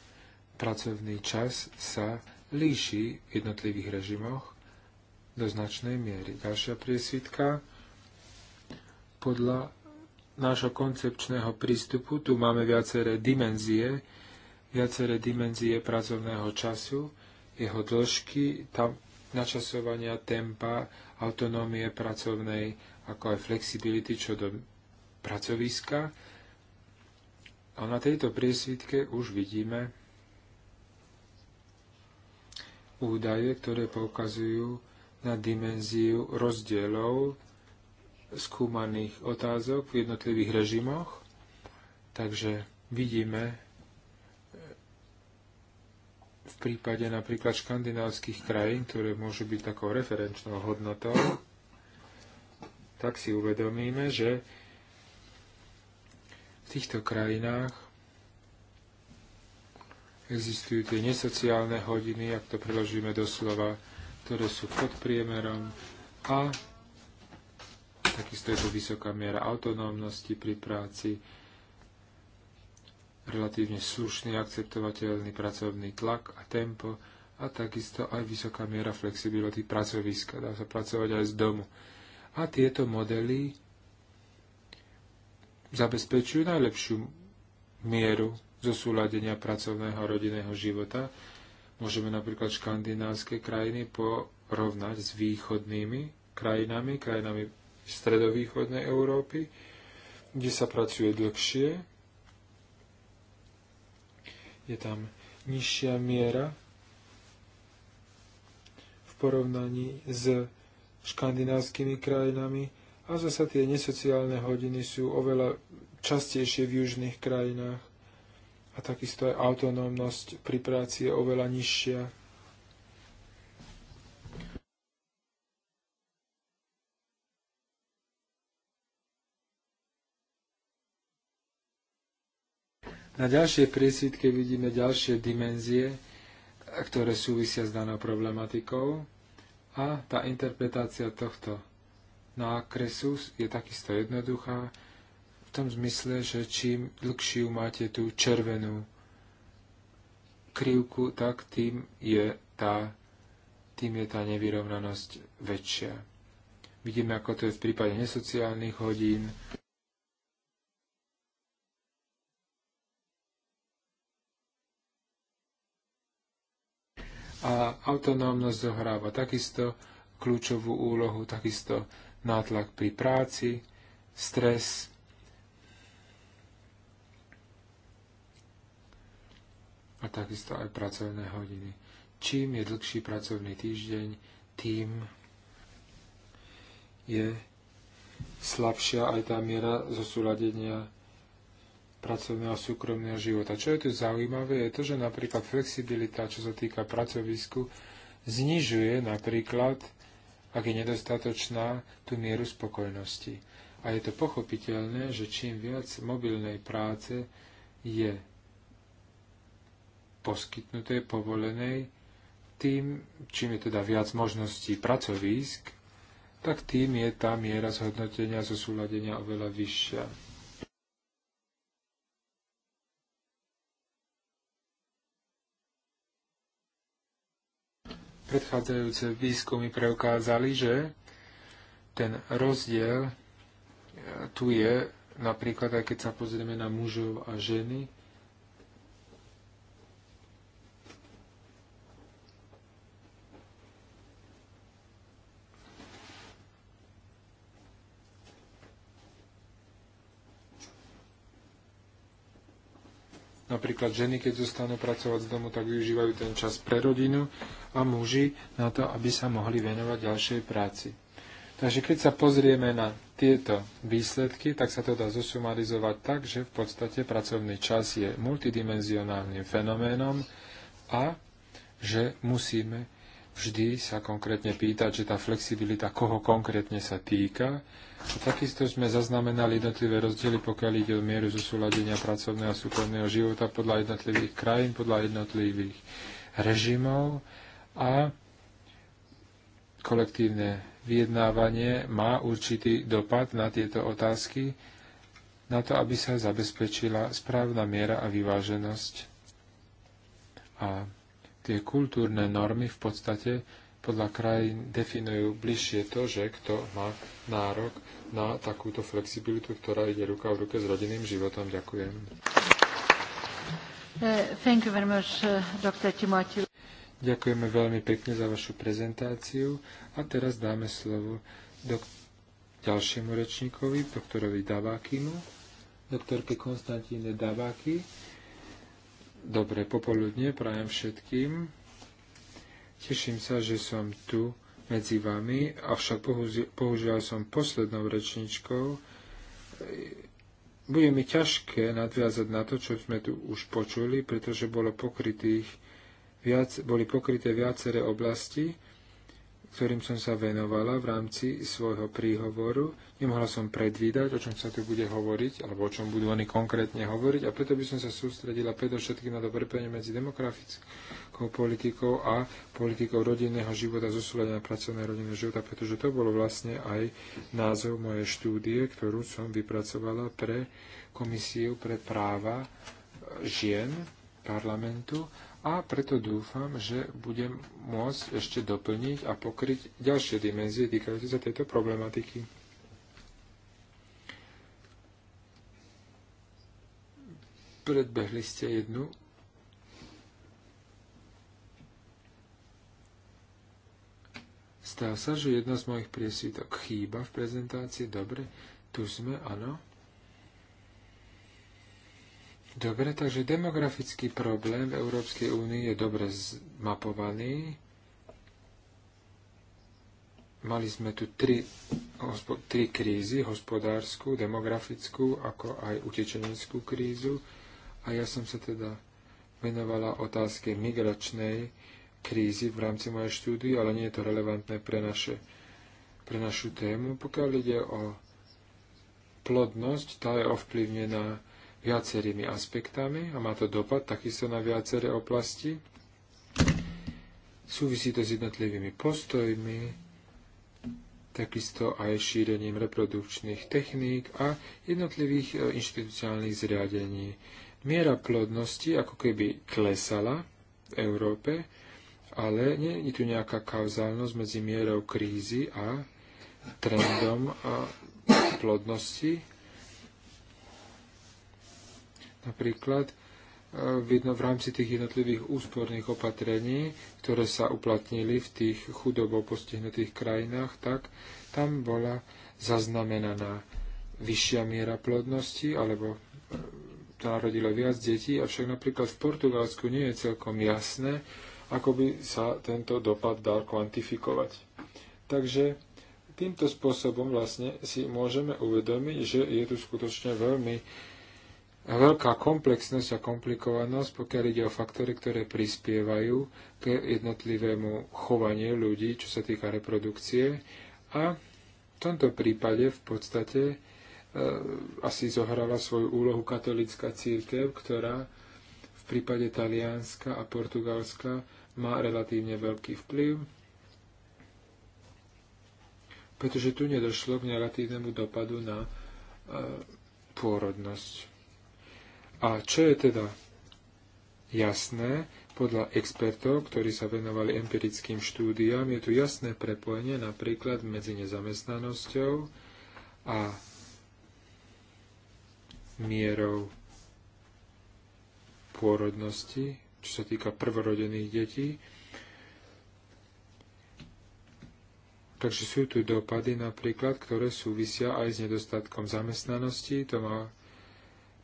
pracovný čas sa líši v jednotlivých režimoch do značnej miery. Ďalšia priesvitka. Podľa nášho koncepčného prístupu tu máme viaceré dimenzie, viaceré dimenzie pracovného času, jeho dĺžky, tam načasovania tempa, autonómie pracovnej, ako aj flexibility čo do pracoviska. A na tejto priesvitke už vidíme údaje, ktoré poukazujú na dimenziu rozdielov skúmaných otázok v jednotlivých režimoch. Takže vidíme v prípade napríklad škandinávskych krajín, ktoré môžu byť takou referenčnou hodnotou, tak si uvedomíme, že v týchto krajinách existujú tie nesociálne hodiny, ak to preložíme do slova, ktoré sú pod priemerom a takisto je tu vysoká miera autonómnosti pri práci, relatívne slušný, akceptovateľný pracovný tlak a tempo a takisto aj vysoká miera flexibility pracoviska. Dá sa pracovať aj z domu. A tieto modely zabezpečujú najlepšiu mieru zosúladenia pracovného a rodinného života, Môžeme napríklad škandinávske krajiny porovnať s východnými krajinami, krajinami stredovýchodnej Európy, kde sa pracuje dlhšie. Je tam nižšia miera v porovnaní s škandinávskymi krajinami a zase tie nesociálne hodiny sú oveľa častejšie v južných krajinách a takisto aj autonómnosť pri práci je oveľa nižšia. Na ďalšej priesvitke vidíme ďalšie dimenzie, ktoré súvisia s danou problematikou a tá interpretácia tohto nákresu je takisto jednoduchá v tom zmysle, že čím dlhšiu máte tú červenú krivku, tak tým je tá, tým je tá nevyrovnanosť väčšia. Vidíme, ako to je v prípade nesociálnych hodín. A autonómnosť zohráva takisto kľúčovú úlohu, takisto nátlak pri práci, stres, a takisto aj pracovné hodiny. Čím je dlhší pracovný týždeň, tým je slabšia aj tá miera zosúladenia pracovného a súkromného života. Čo je tu zaujímavé, je to, že napríklad flexibilita, čo sa týka pracovisku, znižuje napríklad, ak je nedostatočná, tú mieru spokojnosti. A je to pochopiteľné, že čím viac mobilnej práce je poskytnuté, povolenej, tým, čím je teda viac možností pracovísk, tak tým je tá miera zhodnotenia zo súladenia oveľa vyššia. Predchádzajúce výskumy preukázali, že ten rozdiel e, tu je, napríklad aj keď sa pozrieme na mužov a ženy, Napríklad ženy, keď zostanú pracovať z domu, tak využívajú ten čas pre rodinu a muži na to, aby sa mohli venovať ďalšej práci. Takže keď sa pozrieme na tieto výsledky, tak sa to dá zosumarizovať tak, že v podstate pracovný čas je multidimenzionálnym fenoménom a že musíme vždy sa konkrétne pýtať, že tá flexibilita koho konkrétne sa týka. A takisto sme zaznamenali jednotlivé rozdiely, pokiaľ ide o mieru zosúladenia pracovného a súkromného života podľa jednotlivých krajín, podľa jednotlivých režimov a kolektívne vyjednávanie má určitý dopad na tieto otázky, na to, aby sa zabezpečila správna miera a vyváženosť a tie kultúrne normy v podstate podľa krajín definujú bližšie to, že kto má nárok na takúto flexibilitu, ktorá ide ruka v ruke s rodinným životom. Ďakujem. Eh, thank you very much, eh, Dr. Timothy. Ďakujeme veľmi pekne za vašu prezentáciu a teraz dáme slovo dok- ďalšiemu rečníkovi, doktorovi Davákinu, doktorke Konstantíne Daváky. Dobre popoludne prajem všetkým. Teším sa, že som tu medzi vami, avšak bohužiaľ som poslednou rečničkou. Bude mi ťažké nadviazať na to, čo sme tu už počuli, pretože bolo pokrytých, viac, boli pokryté viaceré oblasti, ktorým som sa venovala v rámci svojho príhovoru. Nemohla som predvídať, o čom sa tu bude hovoriť, alebo o čom budú oni konkrétne hovoriť, a preto by som sa sústredila predovšetkým na to prepojenie medzi demografickou politikou a politikou rodinného života, zosúľadenia pracovného rodinného života, pretože to bolo vlastne aj názov mojej štúdie, ktorú som vypracovala pre Komisiu pre práva žien parlamentu a preto dúfam, že budem môcť ešte doplniť a pokryť ďalšie dimenzie týkajúce sa tejto problematiky. Predbehli ste jednu Stá sa, že jedna z mojich priesvitok chýba v prezentácii. Dobre, tu sme, áno. Dobre, takže demografický problém v Európskej únii je dobre zmapovaný. Mali sme tu tri, tri krízy, hospodárskú, demografickú, ako aj utečeneckú krízu. A ja som sa teda venovala otázke migračnej krízy v rámci mojej štúdie, ale nie je to relevantné pre, naše, pre našu tému. Pokiaľ ide o plodnosť, tá je ovplyvnená viacerými aspektami a má to dopad takisto na viaceré oblasti. Súvisí to s jednotlivými postojmi, takisto aj šírením reprodukčných techník a jednotlivých e, inštitucionálnych zriadení. Miera plodnosti ako keby klesala v Európe, ale nie je tu nejaká kauzálnosť medzi mierou krízy a trendom a plodnosti Napríklad e, vidno v rámci tých jednotlivých úsporných opatrení, ktoré sa uplatnili v tých chudobo postihnutých krajinách, tak tam bola zaznamenaná vyššia miera plodnosti, alebo to e, narodilo viac detí, avšak napríklad v Portugalsku nie je celkom jasné, ako by sa tento dopad dal kvantifikovať. Takže týmto spôsobom vlastne si môžeme uvedomiť, že je tu skutočne veľmi veľká komplexnosť a komplikovanosť, pokiaľ ide o faktory, ktoré prispievajú k jednotlivému chovaniu ľudí, čo sa týka reprodukcie. A v tomto prípade v podstate e, asi zohrala svoju úlohu katolická církev, ktorá v prípade Talianska a Portugalska má relatívne veľký vplyv, pretože tu nedošlo k negatívnemu dopadu na e, pôrodnosť. A čo je teda jasné, podľa expertov, ktorí sa venovali empirickým štúdiám, je tu jasné prepojenie napríklad medzi nezamestnanosťou a mierou pôrodnosti, čo sa týka prvorodených detí. Takže sú tu dopady napríklad, ktoré súvisia aj s nedostatkom zamestnanosti. To má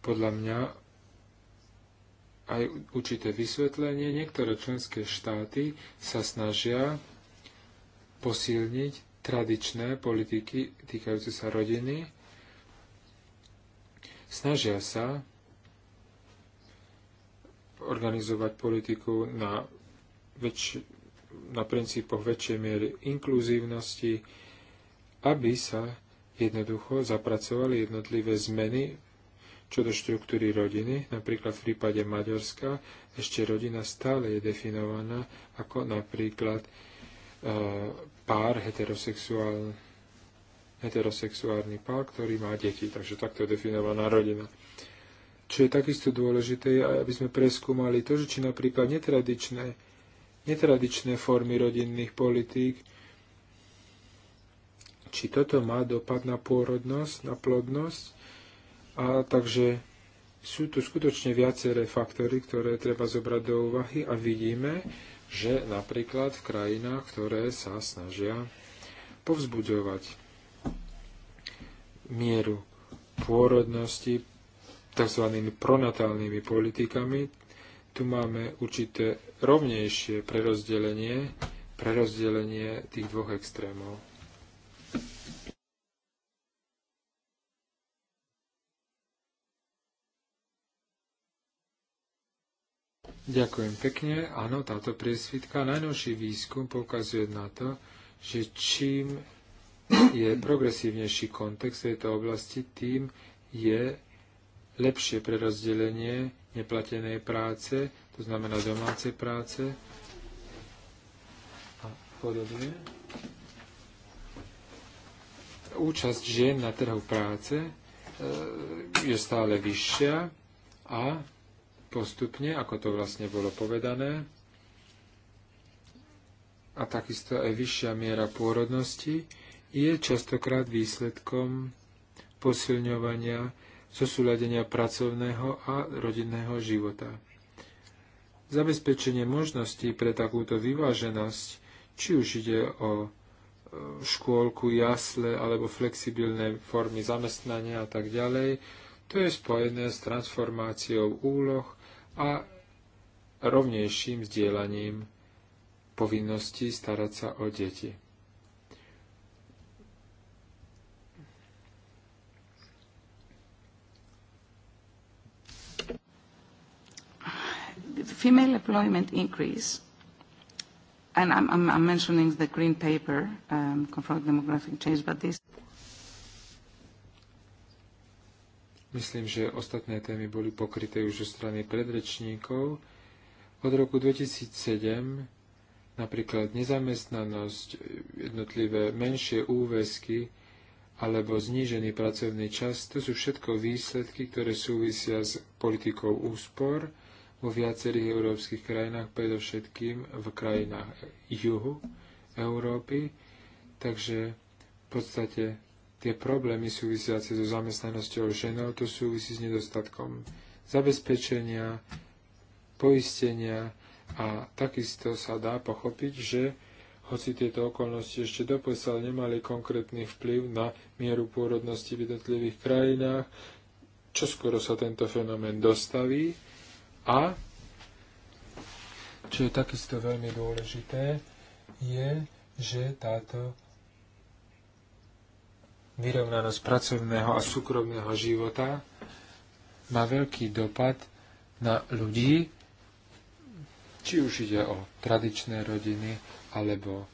podľa mňa aj určité vysvetlenie. Niektoré členské štáty sa snažia posilniť tradičné politiky týkajúce sa rodiny. Snažia sa organizovať politiku na, väč- na princípoch väčšej miery inkluzívnosti, aby sa jednoducho zapracovali jednotlivé zmeny čo do štruktúry rodiny. Napríklad v prípade Maďarska ešte rodina stále je definovaná ako napríklad e, pár heterosexuál, heterosexuálny pár, ktorý má deti. Takže takto je definovaná rodina. Čo je takisto dôležité, aby sme preskúmali to, že či napríklad netradičné, netradičné formy rodinných politík, či toto má dopad na pôrodnosť, na plodnosť, a takže sú tu skutočne viaceré faktory, ktoré treba zobrať do úvahy a vidíme, že napríklad v krajinách, ktoré sa snažia povzbudzovať mieru pôrodnosti tzv. pronatálnymi politikami, tu máme určité rovnejšie prerozdelenie, prerozdelenie tých dvoch extrémov. Ďakujem pekne. Áno, táto priesvitka. Najnovší výskum poukazuje na to, že čím je progresívnejší kontext v tejto oblasti, tým je lepšie prerozdelenie neplatenej práce, to znamená domácej práce a podobne. Účasť žien na trhu práce e, je stále vyššia a postupne, ako to vlastne bolo povedané. A takisto aj vyššia miera pôrodnosti je častokrát výsledkom posilňovania, zosúladenia pracovného a rodinného života. Zabezpečenie možností pre takúto vyváženosť, či už ide o e, škôlku, jasle alebo flexibilné formy zamestnania a tak ďalej, to je spojené s transformáciou úloh a rovnejším vzdielaním povinností starať sa o deti. female employment increase, and I'm, I'm, I'm mentioning the green paper, um, confronting demographic change, but this Myslím, že ostatné témy boli pokryté už zo strany predrečníkov. Od roku 2007 napríklad nezamestnanosť, jednotlivé menšie úväzky alebo znížený pracovný čas, to sú všetko výsledky, ktoré súvisia s politikou úspor vo viacerých európskych krajinách, predovšetkým v krajinách juhu Európy. Takže v podstate tie problémy súvisiace so zamestnanosťou ženou, to súvisí s nedostatkom zabezpečenia, poistenia a takisto sa dá pochopiť, že hoci tieto okolnosti ešte doposiaľ nemali konkrétny vplyv na mieru pôrodnosti v jednotlivých krajinách, čo skoro sa tento fenomén dostaví a čo je takisto veľmi dôležité, je, že táto vyrovnanosť pracovného a súkromného života má veľký dopad na ľudí, či už ide o tradičné rodiny, alebo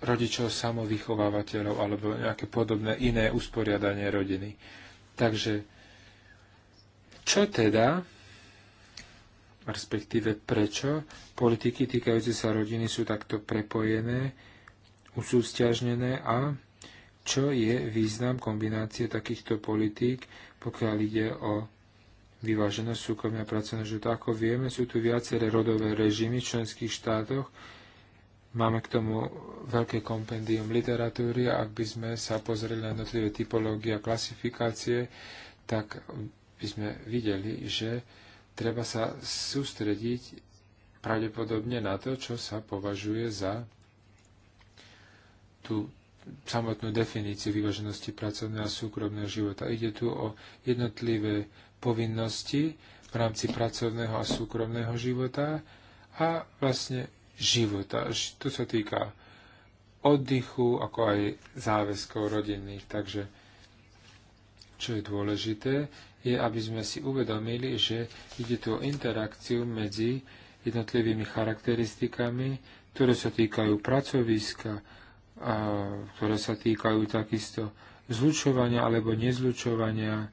rodičov samovychovávateľov, alebo nejaké podobné iné usporiadanie rodiny. Takže čo teda, respektíve prečo, politiky týkajúce sa rodiny sú takto prepojené, usústiažnené a čo je význam kombinácie takýchto politík, pokiaľ ide o vyváženosť súkromia pracovného života. Ako vieme, sú tu viaceré rodové režimy v členských štátoch. Máme k tomu veľké kompendium literatúry a ak by sme sa pozreli na jednotlivé typológie a klasifikácie, tak by sme videli, že treba sa sústrediť pravdepodobne na to, čo sa považuje za tú samotnú definíciu vyváženosti pracovného a súkromného života. Ide tu o jednotlivé povinnosti v rámci pracovného a súkromného života a vlastne života. To sa týka oddychu, ako aj záväzkov rodinných. Takže čo je dôležité, je, aby sme si uvedomili, že ide tu o interakciu medzi jednotlivými charakteristikami, ktoré sa týkajú pracoviska, ktoré sa týkajú takisto zlučovania alebo nezlučovania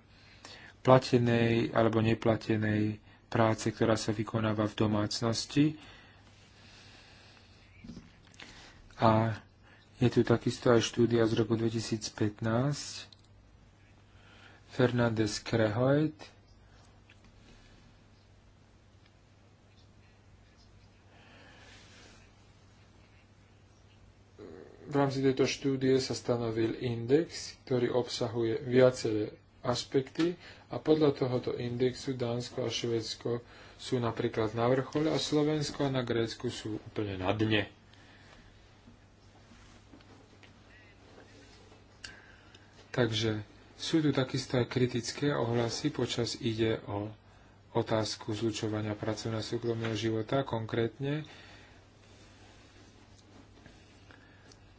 platenej alebo neplatenej práce, ktorá sa vykonáva v domácnosti. A je tu takisto aj štúdia z roku 2015 Fernández Krehojt, rámci tejto štúdie sa stanovil index, ktorý obsahuje viaceré aspekty a podľa tohoto indexu Dánsko a Švedsko sú napríklad na vrchole a Slovensko a na Grécku sú úplne na dne. Takže sú tu takisto aj kritické ohlasy, počas ide o otázku zlučovania pracovného súkromného života, konkrétne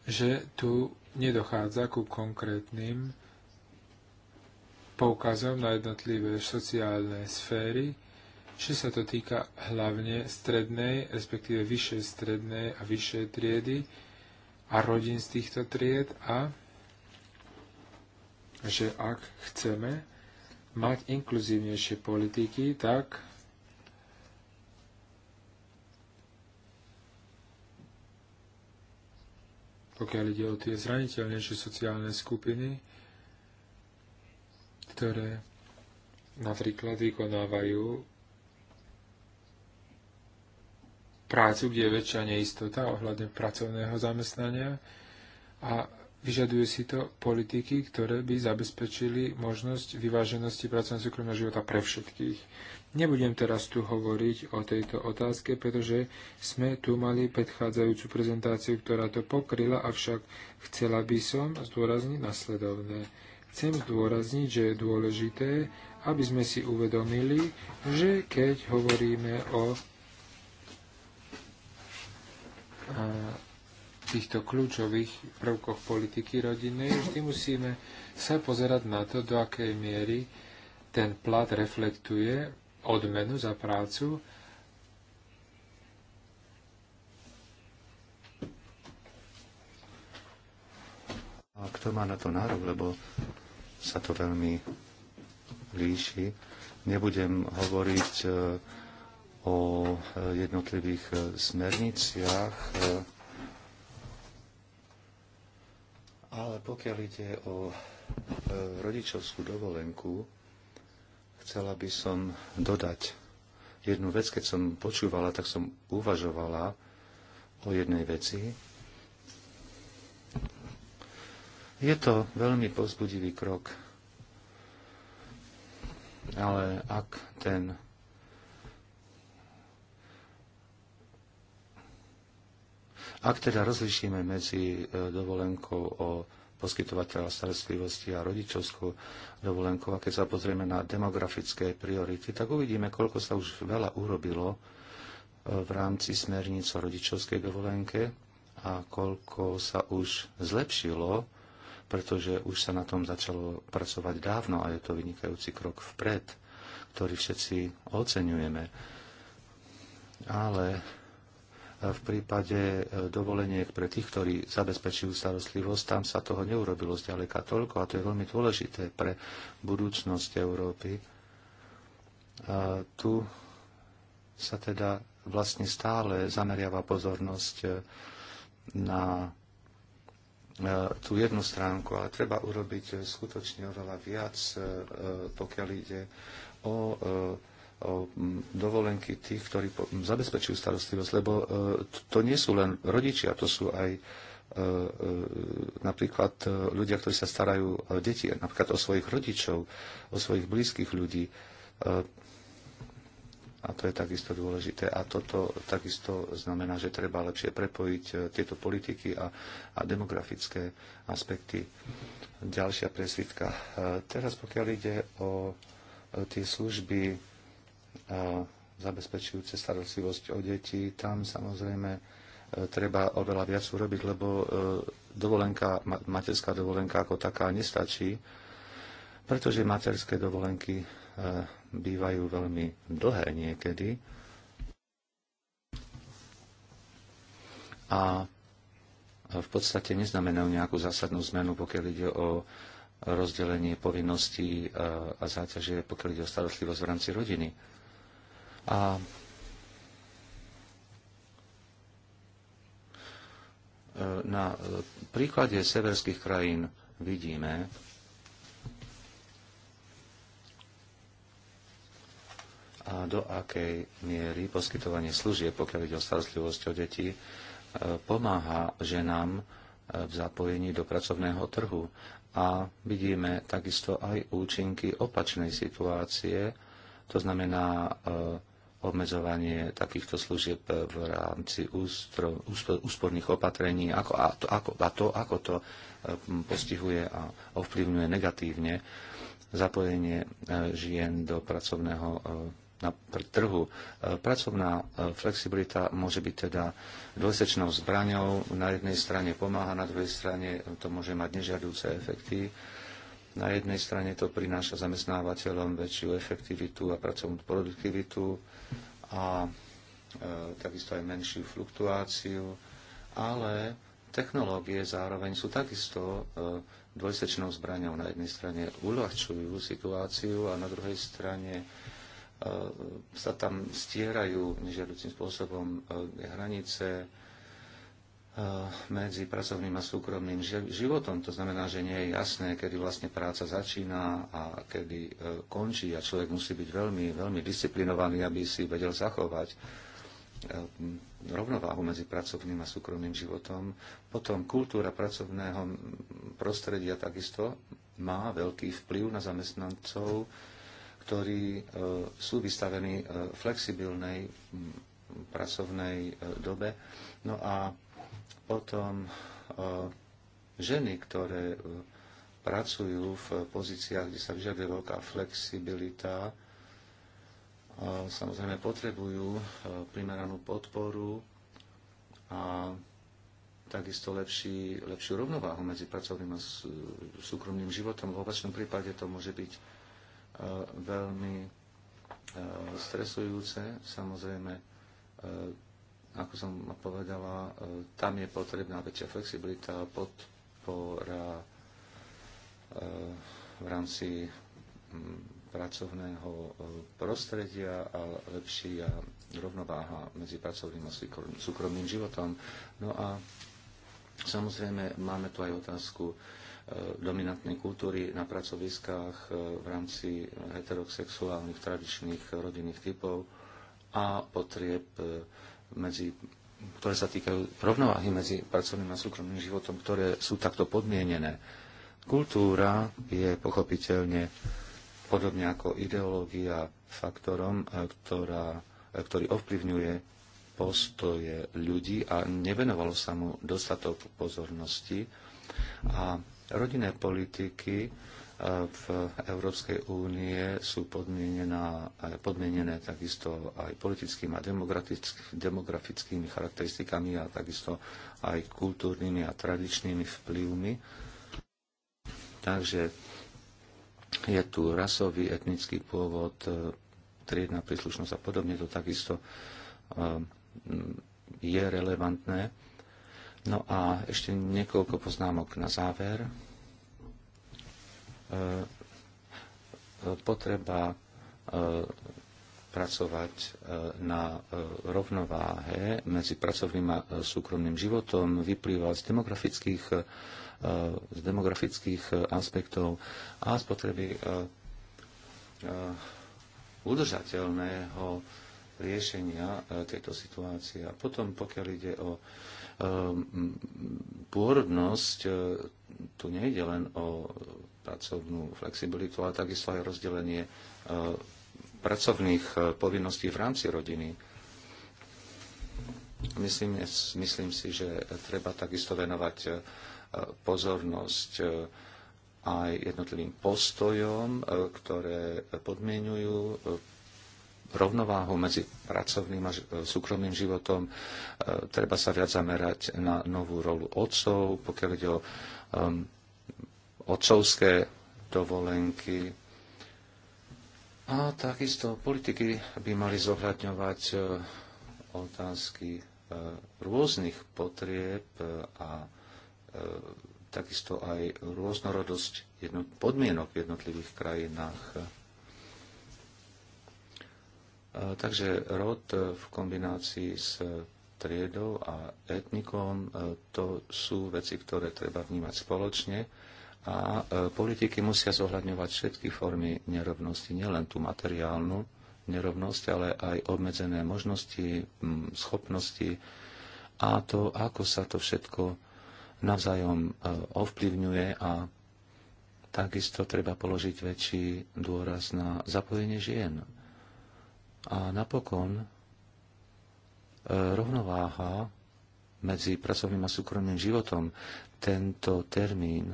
že tu nedochádza ku konkrétnym poukazom na jednotlivé sociálne sféry, či sa to týka hlavne strednej, respektíve vyššej strednej a vyššej triedy a rodín z týchto tried a že ak chceme mať inkluzívnejšie politiky, tak pokiaľ ide o tie zraniteľnejšie sociálne skupiny, ktoré napríklad vykonávajú prácu, kde je väčšia neistota ohľadne pracovného zamestnania a vyžaduje si to politiky, ktoré by zabezpečili možnosť vyváženosti pracovného súkromného života pre všetkých. Nebudem teraz tu hovoriť o tejto otázke, pretože sme tu mali predchádzajúcu prezentáciu, ktorá to pokryla, avšak chcela by som zdôrazniť nasledovné. Chcem zdôrazniť, že je dôležité, aby sme si uvedomili, že keď hovoríme o týchto kľúčových prvkoch politiky rodiny, vždy musíme sa pozerať na to, do akej miery ten plat reflektuje odmenu za prácu. A kto má na to nárok, lebo sa to veľmi líši. Nebudem hovoriť e, o jednotlivých e, smerniciach, e, ale pokiaľ ide o rodičovskú dovolenku, Chcela by som dodať jednu vec. Keď som počúvala, tak som uvažovala o jednej veci. Je to veľmi pozbudivý krok, ale ak ten Ak teda rozlišíme medzi e, dovolenkou o poskytovateľa starostlivosti a rodičovskú dovolenku. A keď sa pozrieme na demografické priority, tak uvidíme, koľko sa už veľa urobilo e, v rámci smerníc o rodičovskej dovolenke a koľko sa už zlepšilo, pretože už sa na tom začalo pracovať dávno a je to vynikajúci krok vpred, ktorý všetci oceňujeme. Ale v prípade e, dovoleniek pre tých, ktorí zabezpečujú starostlivosť, tam sa toho neurobilo zďaleka toľko a to je veľmi dôležité pre budúcnosť Európy. A tu sa teda vlastne stále zameriava pozornosť e, na e, tú jednu stránku, ale treba urobiť skutočne oveľa viac, pokiaľ ide o o dovolenky tých, ktorí zabezpečujú starostlivosť, lebo e, to nie sú len rodičia, to sú aj e, e, napríklad ľudia, ktorí sa starajú o deti, napríklad o svojich rodičov, o svojich blízkych ľudí. A to je takisto dôležité. A toto takisto znamená, že treba lepšie prepojiť tieto politiky a, a demografické aspekty. Ďalšia presvitka. Teraz pokiaľ ide o tie služby zabezpečujúce starostlivosť o deti. Tam samozrejme e, treba oveľa viac urobiť, lebo e, dovolenka, materská dovolenka ako taká nestačí, pretože materské dovolenky e, bývajú veľmi dlhé niekedy. A v podstate neznamenajú nejakú zásadnú zmenu, pokiaľ ide o rozdelenie povinností a záťaže, pokiaľ ide o starostlivosť v rámci rodiny. A na príklade severských krajín vidíme, a do akej miery poskytovanie služieb, pokiaľ ide o starostlivosť o deti, e, pomáha ženám e, v zapojení do pracovného trhu. A vidíme takisto aj účinky opačnej situácie, to znamená e, obmedzovanie takýchto služieb v rámci ústro, úsporných opatrení ako, a, to, ako, a to, ako to eh, postihuje a ovplyvňuje negatívne zapojenie eh, žien do pracovného eh, na trhu. Pracovná flexibilita môže byť teda dvojsečnou zbraňou. Na jednej strane pomáha, na druhej strane to môže mať nežiadúce efekty. Na jednej strane to prináša zamestnávateľom väčšiu efektivitu a pracovnú produktivitu a e, takisto aj menšiu fluktuáciu, ale technológie zároveň sú takisto e, dvojsečnou zbraňou. Na jednej strane uľahčujú situáciu a na druhej strane e, sa tam stierajú nežiaducím spôsobom hranice, Eh, medzi pracovným a súkromným životom. To znamená, že nie je jasné, kedy vlastne práca začína a kedy eh, končí a človek musí byť veľmi, veľmi disciplinovaný, aby si vedel zachovať eh, rovnováhu medzi pracovným a súkromným životom. Potom kultúra pracovného prostredia takisto má veľký vplyv na zamestnancov, ktorí sú vystavení flexibilnej mm, pracovnej dobe. No a potom ženy, ktoré e, pracujú v pozíciách, kde sa vyžaduje veľká flexibilita, e, samozrejme potrebujú e, primeranú podporu a takisto lepší, lepšiu rovnováhu medzi pracovným a súkromným životom. V opačnom prípade to môže byť veľmi stresujúce. Samozrejme, ako som povedala, e, tam je potrebná väčšia flexibilita, podpora e, v rámci pracovného e, prostredia a lepšia rovnováha medzi pracovným a súkromným životom. No a samozrejme máme tu aj otázku dominantnej kultúry na pracoviskách v rámci heterosexuálnych tradičných rodinných typov a potrieb medzi, ktoré sa týkajú rovnováhy medzi pracovným a súkromným životom, ktoré sú takto podmienené. Kultúra je pochopiteľne podobne ako ideológia faktorom, e, ktorá, e, ktorý ovplyvňuje postoje ľudí a nevenovalo sa mu dostatok pozornosti. A rodinné politiky v Európskej únie sú eh, podmienené takisto aj politickými a demografickými charakteristikami a takisto aj kultúrnymi a tradičnými vplyvmi. Takže je tu rasový, etnický pôvod, eh, triedna príslušnosť a podobne. To takisto eh, je relevantné. No a ešte niekoľko poznámok na záver. E, potreba e, pracovať e, na rovnováhe medzi pracovným a súkromným životom vyplýva z demografických, z demografických aspektov a z potreby udržateľného riešenia tejto situácie. A potom, pokiaľ ide o Ehm, pôrodnosť, e, tu nejde len o pracovnú flexibilitu, ale takisto aj rozdelenie e, pracovných e, povinností v rámci rodiny. Myslím, myslím si, že treba takisto venovať pozornosť aj jednotlivým postojom, ktoré podmienujú rovnováhu medzi pracovným a e, súkromným životom. E, treba sa viac zamerať na novú rolu otcov, pokiaľ ide o um, otcovské dovolenky. A takisto politiky by mali zohľadňovať e, otázky rôznych potrieb a takisto aj rôznorodosť podmienok v jednotlivých krajinách E, takže rod e, v kombinácii s triedou a etnikom, e, to sú veci, ktoré treba vnímať spoločne a politiky musia zohľadňovať všetky formy nerovnosti, nielen tú materiálnu nerovnosť, ale aj obmedzené možnosti, schopnosti a to, ako sa to všetko navzájom ovplyvňuje a takisto treba položiť väčší dôraz na zapojenie žien a napokon e, rovnováha medzi pracovným a súkromným životom tento termín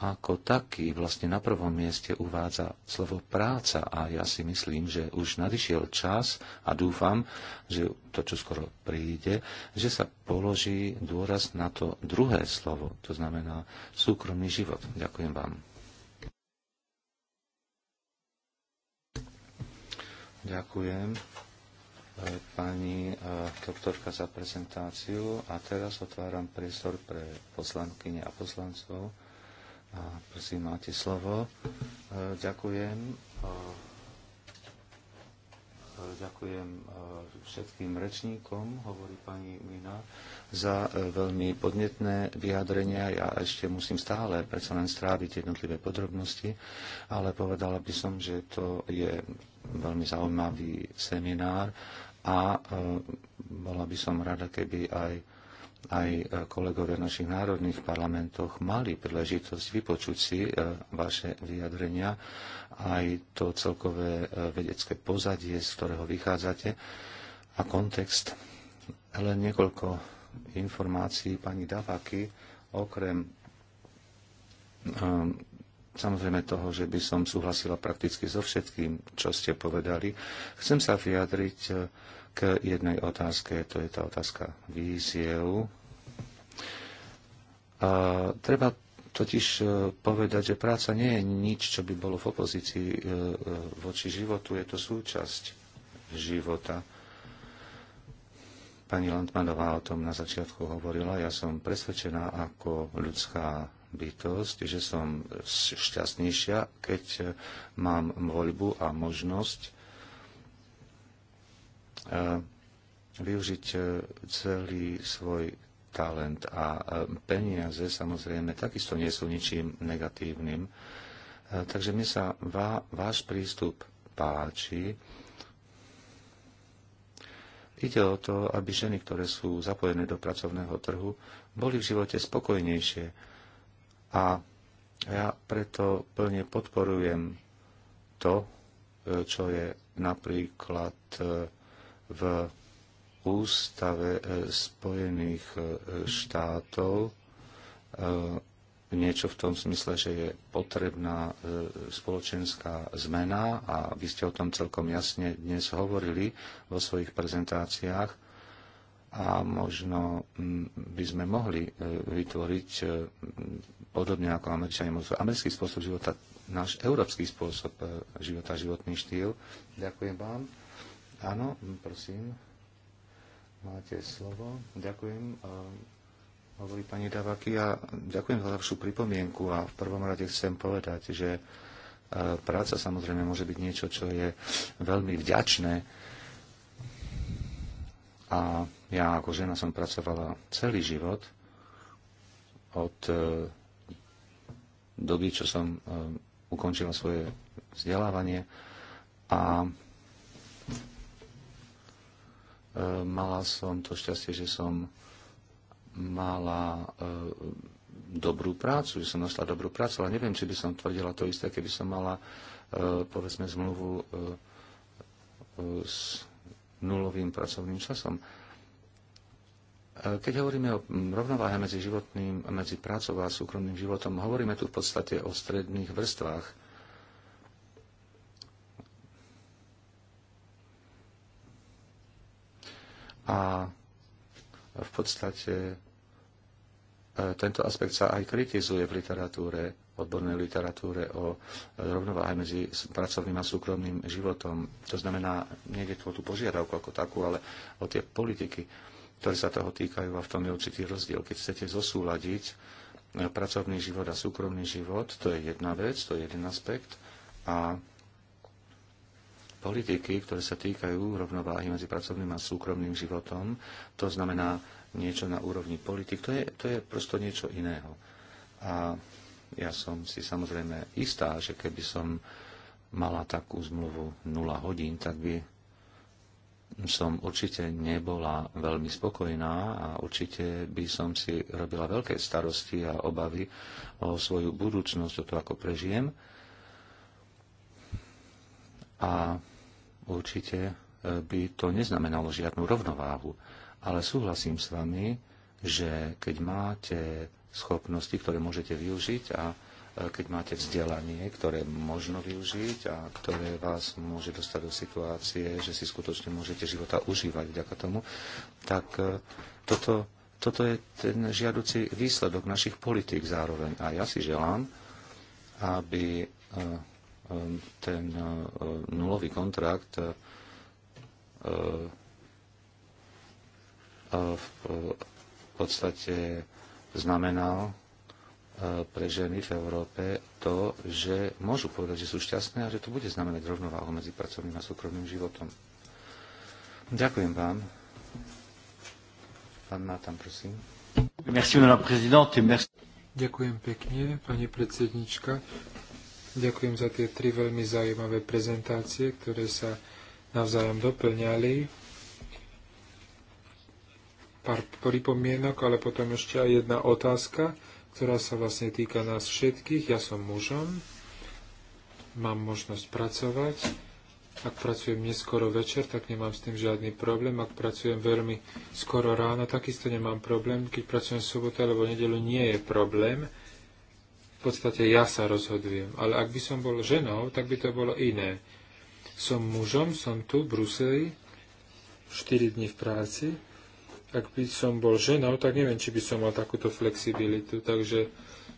ako taký vlastne na prvom mieste uvádza slovo práca a ja si myslím, že už nadišiel čas a dúfam, že to, čo skoro príde, že sa položí dôraz na to druhé slovo, to znamená súkromný život. Ďakujem vám. Ďakujem e, pani e, doktorka za prezentáciu a teraz otváram priestor pre poslankyne a poslancov. A prosím, máte slovo. E, ďakujem E, ďakujem e, všetkým rečníkom, hovorí pani Mina, za e, veľmi podnetné vyjadrenia. Ja ešte musím stále predsa len stráviť jednotlivé podrobnosti, ale povedala by som, že to je veľmi zaujímavý seminár a bola by som rada, keby aj aj e, kolegovia v našich národných parlamentoch mali príležitosť vypočuť si e, vaše vyjadrenia, aj to celkové e, vedecké pozadie, z ktorého vychádzate a kontext. Len niekoľko informácií pani Davaky, okrem samozrejme toho, že by som súhlasila prakticky so všetkým, čo ste povedali. Chcem sa vyjadriť k jednej otázke, to je tá otázka víziev. A treba totiž e, povedať, že práca nie je nič, čo by bolo v opozícii e, e, voči životu, je to súčasť života. Pani Landmanová o tom na začiatku hovorila, ja som presvedčená ako ľudská bytosť, že som šťastnejšia, keď mám voľbu a možnosť využiť e, celý svoj talent a e, peniaze samozrejme takisto nie sú ničím negatívnym. E, takže mne sa vá, váš prístup páči. Ide o to, aby ženy, ktoré sú zapojené do pracovného trhu, boli v živote spokojnejšie. A ja preto plne podporujem to, čo je napríklad v ústave e, Spojených e, štátov e, niečo v tom smysle, že je potrebná spoločenská zmena a vy ste o tom celkom jasne dnes hovorili vo svojich prezentáciách a možno by sme mohli vytvoriť podobne ako Američania, americký spôsob života, náš európsky spôsob života, životný štýl. Ďakujem vám. Áno, prosím. Máte slovo. Ďakujem. Hovorí pani Davaky a ďakujem za vašu pripomienku a v prvom rade chcem povedať, že e, práca samozrejme môže byť niečo, čo je veľmi vďačné. A ja ako žena som pracovala celý život od e, doby, čo som e, ukončila svoje vzdelávanie a E, mala som to šťastie, že som mala e, dobrú prácu, že som našla dobrú prácu, ale neviem, či by som tvrdila to isté, keby som mala, e, povedzme, zmluvu s nulovým pracovným časom. Keď hovoríme o rovnováhe medzi, životným, medzi prácou a súkromným životom, hovoríme tu v podstate o stredných vrstvách A v podstate e, tento aspekt sa aj kritizuje v literatúre, odbornej literatúre o e, rovnováhe medzi pracovným a súkromným životom. To znamená, je tu požiadavku ako takú, ale o tie politiky, ktoré sa toho týkajú a v tom je určitý rozdiel. Keď chcete zosúľadiť e, pracovný život a súkromný život, to je jedna vec, to je jeden aspekt. A politiky, ktoré sa týkajú rovnováhy medzi pracovným a súkromným životom. To znamená niečo na úrovni politik. To je, to je prosto niečo iného. A ja som si samozrejme istá, že keby som mala takú zmluvu 0 hodín, tak by som určite nebola veľmi spokojná a určite by som si robila veľké starosti a obavy o svoju budúcnosť, o to, ako prežijem. A určite e, by to neznamenalo žiadnu rovnováhu. Ale súhlasím s vami, že keď máte schopnosti, ktoré môžete využiť a e, keď máte vzdelanie, ktoré možno využiť a ktoré vás môže dostať do situácie, že si skutočne môžete života užívať vďaka tomu, tak e, toto, toto je ten žiaduci výsledok našich politík zároveň. A ja si želám, aby ten e, nulový kontrakt e, e, v podstate znamenal pre ženy v Európe to, že môžu povedať, že sú šťastné a že to bude znamenať rovnováhu medzi pracovným a súkromným životom. Ďakujem vám. Pán Mátam, prosím. Merci, Ďakujem pekne, pani predsednička. Ďakujem za tie tri veľmi zaujímavé prezentácie, ktoré sa navzájom doplňali. Pár pripomienok, ale potom ešte aj jedna otázka, ktorá sa vlastne týka nás všetkých. Ja som mužom, mám možnosť pracovať. Ak pracujem neskoro večer, tak nemám s tým žiadny problém. Ak pracujem veľmi skoro ráno, takisto nemám problém. Keď pracujem v sobotu alebo nedelu, nie je problém v podstate ja sa rozhodujem. Ale ak by som bol ženou, tak by to bolo iné. Som mužom, som tu v Bruseli, 4 dní v práci. Ak by som bol ženou, tak neviem, či by som mal takúto flexibilitu. Takže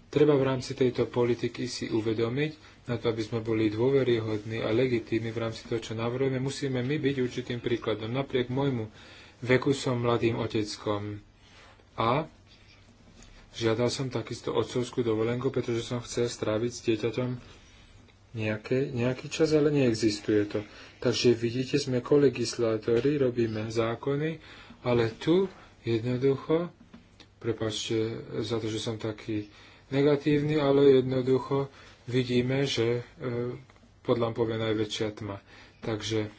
treba v rámci tejto politiky si uvedomiť, na to, aby sme boli dôveryhodní a legitímni v rámci toho, čo navrhujeme, musíme my byť určitým príkladom. Napriek môjmu veku som mladým oteckom. A Žiadal som takisto otcovskú dovolenku, pretože som chcel stráviť s dieťaťom nejaké, nejaký čas, ale neexistuje to. Takže vidíte, sme kolegislátori, robíme zákony, ale tu jednoducho, prepačte za to, že som taký negatívny, ale jednoducho vidíme, že e, podľa mňa je najväčšia tma. Takže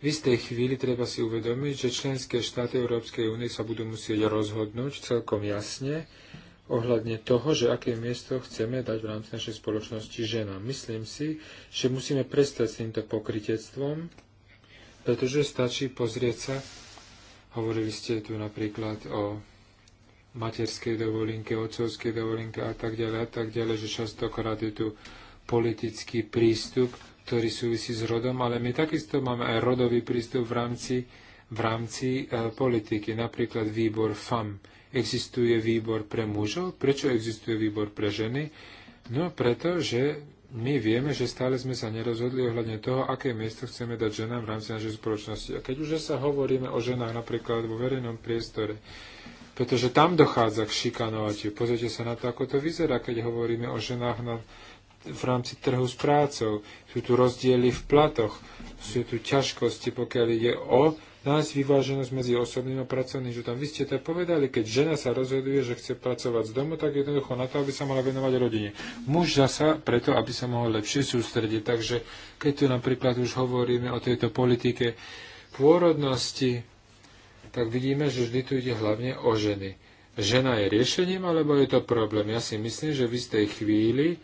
v istej chvíli treba si uvedomiť, že členské štáty Európskej únie sa budú musieť rozhodnúť celkom jasne ohľadne toho, že aké miesto chceme dať v rámci našej spoločnosti ženám. Myslím si, že musíme prestať s týmto pokritectvom, pretože stačí pozrieť sa, hovorili ste tu napríklad o materskej dovolinke, otcovskej dovolinke a tak ďalej a tak ďalej, že častokrát je tu politický prístup, ktorý súvisí s rodom, ale my takisto máme aj rodový prístup v rámci, v rámci e, politiky. Napríklad výbor FAM. Existuje výbor pre mužov. Prečo existuje výbor pre ženy? No preto, že my vieme, že stále sme sa nerozhodli ohľadne toho, aké miesto chceme dať ženám v rámci našej spoločnosti. A keď už sa hovoríme o ženách napríklad vo verejnom priestore, pretože tam dochádza k šikanovatiu. Pozrite sa na to, ako to vyzerá, keď hovoríme o ženách na v rámci trhu s prácou. Sú tu rozdiely v platoch, sú tu ťažkosti, pokiaľ ide o nájsť vyváženosť medzi osobným a pracovným životom. Vy ste to povedali, keď žena sa rozhoduje, že chce pracovať z domu, tak jednoducho na to, aby sa mala venovať rodine. Muž zasa preto, aby sa mohol lepšie sústrediť. Takže keď tu napríklad už hovoríme o tejto politike pôrodnosti, tak vidíme, že vždy tu ide hlavne o ženy. Žena je riešením, alebo je to problém? Ja si myslím, že v istej chvíli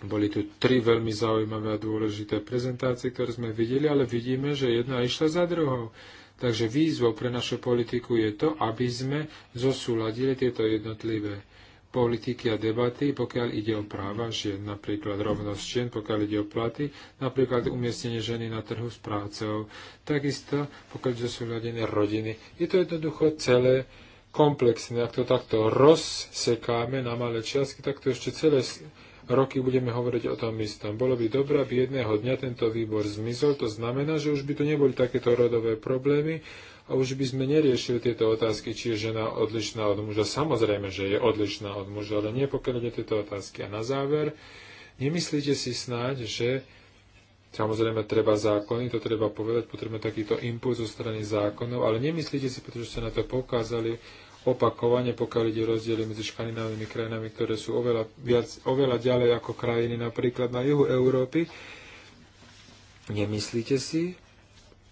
boli tu tri veľmi zaujímavé a dôležité prezentácie, ktoré sme videli, ale vidíme, že jedna išla za druhou. Takže výzvou pre našu politiku je to, aby sme zosúladili tieto jednotlivé politiky a debaty, pokiaľ ide o práva žien, napríklad rovnosť žien, pokiaľ ide o platy, napríklad umiestnenie ženy na trhu s prácou, takisto pokiaľ ide o rodiny. Je to jednoducho celé komplexné. Ak to takto rozsekáme na malé čiastky, tak to ešte celé roky budeme hovoriť o tom istom. Bolo by dobré, aby jedného dňa tento výbor zmizol. To znamená, že už by tu neboli takéto rodové problémy a už by sme neriešili tieto otázky, či je žena odlišná od muža. Samozrejme, že je odlišná od muža, ale nie pokiaľ ide tieto otázky. A na záver, nemyslíte si snáď, že Samozrejme, treba zákony, to treba povedať, potrebujeme takýto impuls zo strany zákonov, ale nemyslíte si, pretože ste na to poukázali, opakovane, pokiaľ ide rozdiely medzi škandinávnymi krajinami, ktoré sú oveľa, viac, oveľa ďalej ako krajiny napríklad na juhu Európy. Nemyslíte si,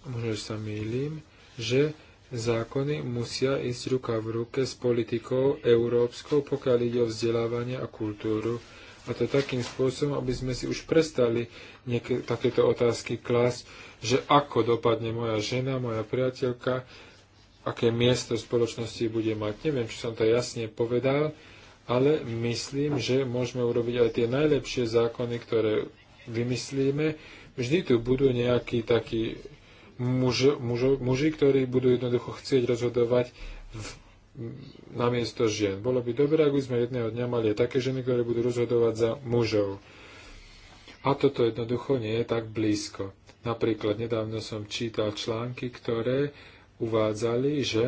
možno sa mýlim, že zákony musia ísť ruka v ruke s politikou európskou, pokiaľ ide o vzdelávanie a kultúru. A to takým spôsobom, aby sme si už prestali takéto otázky klásť, že ako dopadne moja žena, moja priateľka, aké miesto v spoločnosti bude mať. Neviem, či som to jasne povedal, ale myslím, že môžeme urobiť aj tie najlepšie zákony, ktoré vymyslíme. Vždy tu budú nejakí takí muž, muž, muži, ktorí budú jednoducho chcieť rozhodovať v namiesto žien. Bolo by dobré, ak by sme jedného dňa mali aj také ženy, ktoré budú rozhodovať za mužov. A toto jednoducho nie je tak blízko. Napríklad nedávno som čítal články, ktoré uvádzali, že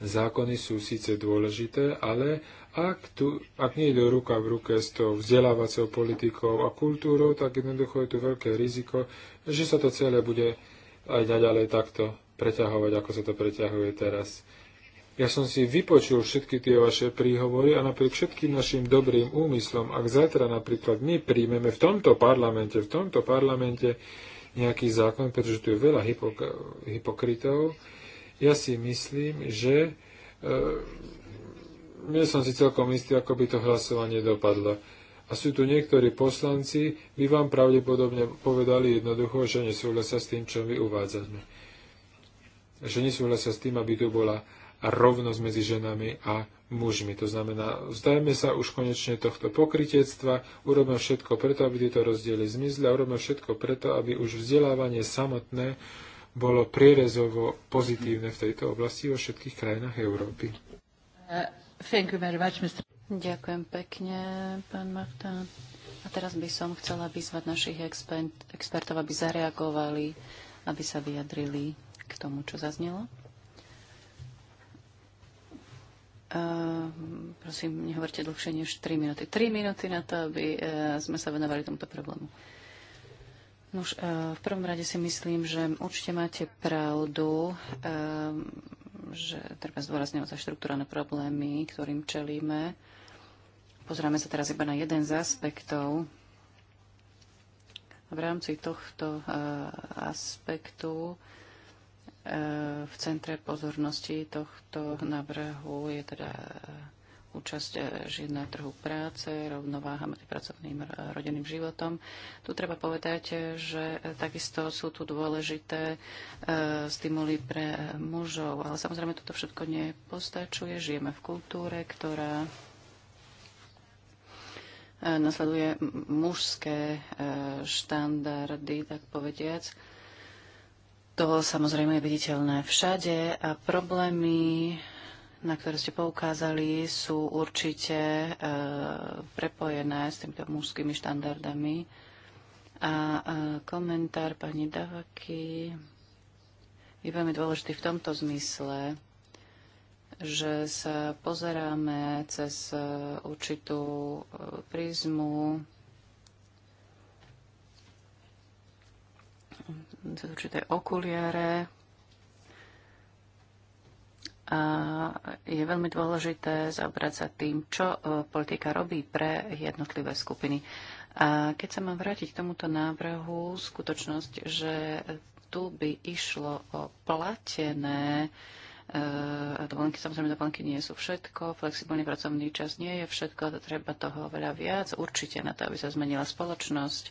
zákony sú síce dôležité, ale ak, tu, ak nie je ruka v ruke s tou vzdelávacou politikou a kultúrou, tak jednoducho je tu veľké riziko, že sa to celé bude aj naďalej takto preťahovať, ako sa to preťahuje teraz. Ja som si vypočul všetky tie vaše príhovory a napriek všetkým našim dobrým úmyslom, ak zajtra napríklad my príjmeme v tomto parlamente, v tomto parlamente nejaký zákon, pretože tu je veľa hypok- hypokritov. Ja si myslím, že e, nie som si celkom istý, ako by to hlasovanie dopadlo. A sú tu niektorí poslanci, by vám pravdepodobne povedali jednoducho, že nesúhlasia s tým, čo my uvádzame. Že nesúhlasia s tým, aby tu bola rovnosť medzi ženami a mužmi. To znamená, vzdajme sa už konečne tohto pokritectva, urobme všetko preto, aby tieto rozdiely zmizli a urobme všetko preto, aby už vzdelávanie samotné bolo prierezovo pozitívne v tejto oblasti vo všetkých krajinách Európy. Uh, Ďakujem pekne, pán Marta. A teraz by som chcela vyzvať našich expert, expertov, aby zareagovali, aby sa vyjadrili k tomu, čo zaznelo. Ehm, prosím, nehovorte dlhšie než 3 minúty. 3 minúty na to, aby e, sme sa venovali tomuto problému. uh, v prvom rade si myslím, že určite máte pravdu, ehm, že treba zdôrazňovať sa štruktúrne problémy, ktorým čelíme. Pozráme sa teraz iba na jeden z aspektov. V rámci tohto e, aspektu v centre pozornosti tohto návrhu je teda e, účasť e, žiť na trhu práce, rovnováha medzi pracovným a rodinným životom. Tu treba povedať, e, že takisto sú tu dôležité stimuly pre mužov, ale samozrejme toto všetko nepostačuje. Žijeme v kultúre, ktorá nasleduje mužské štandardy, tak povediac to samozrejme je viditeľné všade a problémy, na ktoré ste poukázali, sú určite e, prepojené s týmito mužskými štandardami. A e, komentár pani Davaky je veľmi dôležitý v tomto zmysle, že sa pozeráme cez e, určitú e, prízmu cez určité okuliare. A je veľmi dôležité zaobrať sa tým, čo e, politika robí pre jednotlivé skupiny. A keď sa mám vrátiť k tomuto návrhu, skutočnosť, že tu by išlo o platené a e, dovolenky, samozrejme, dovolenky nie sú všetko, flexibilný pracovný čas nie je všetko, to treba toho veľa viac, určite na to, aby sa zmenila spoločnosť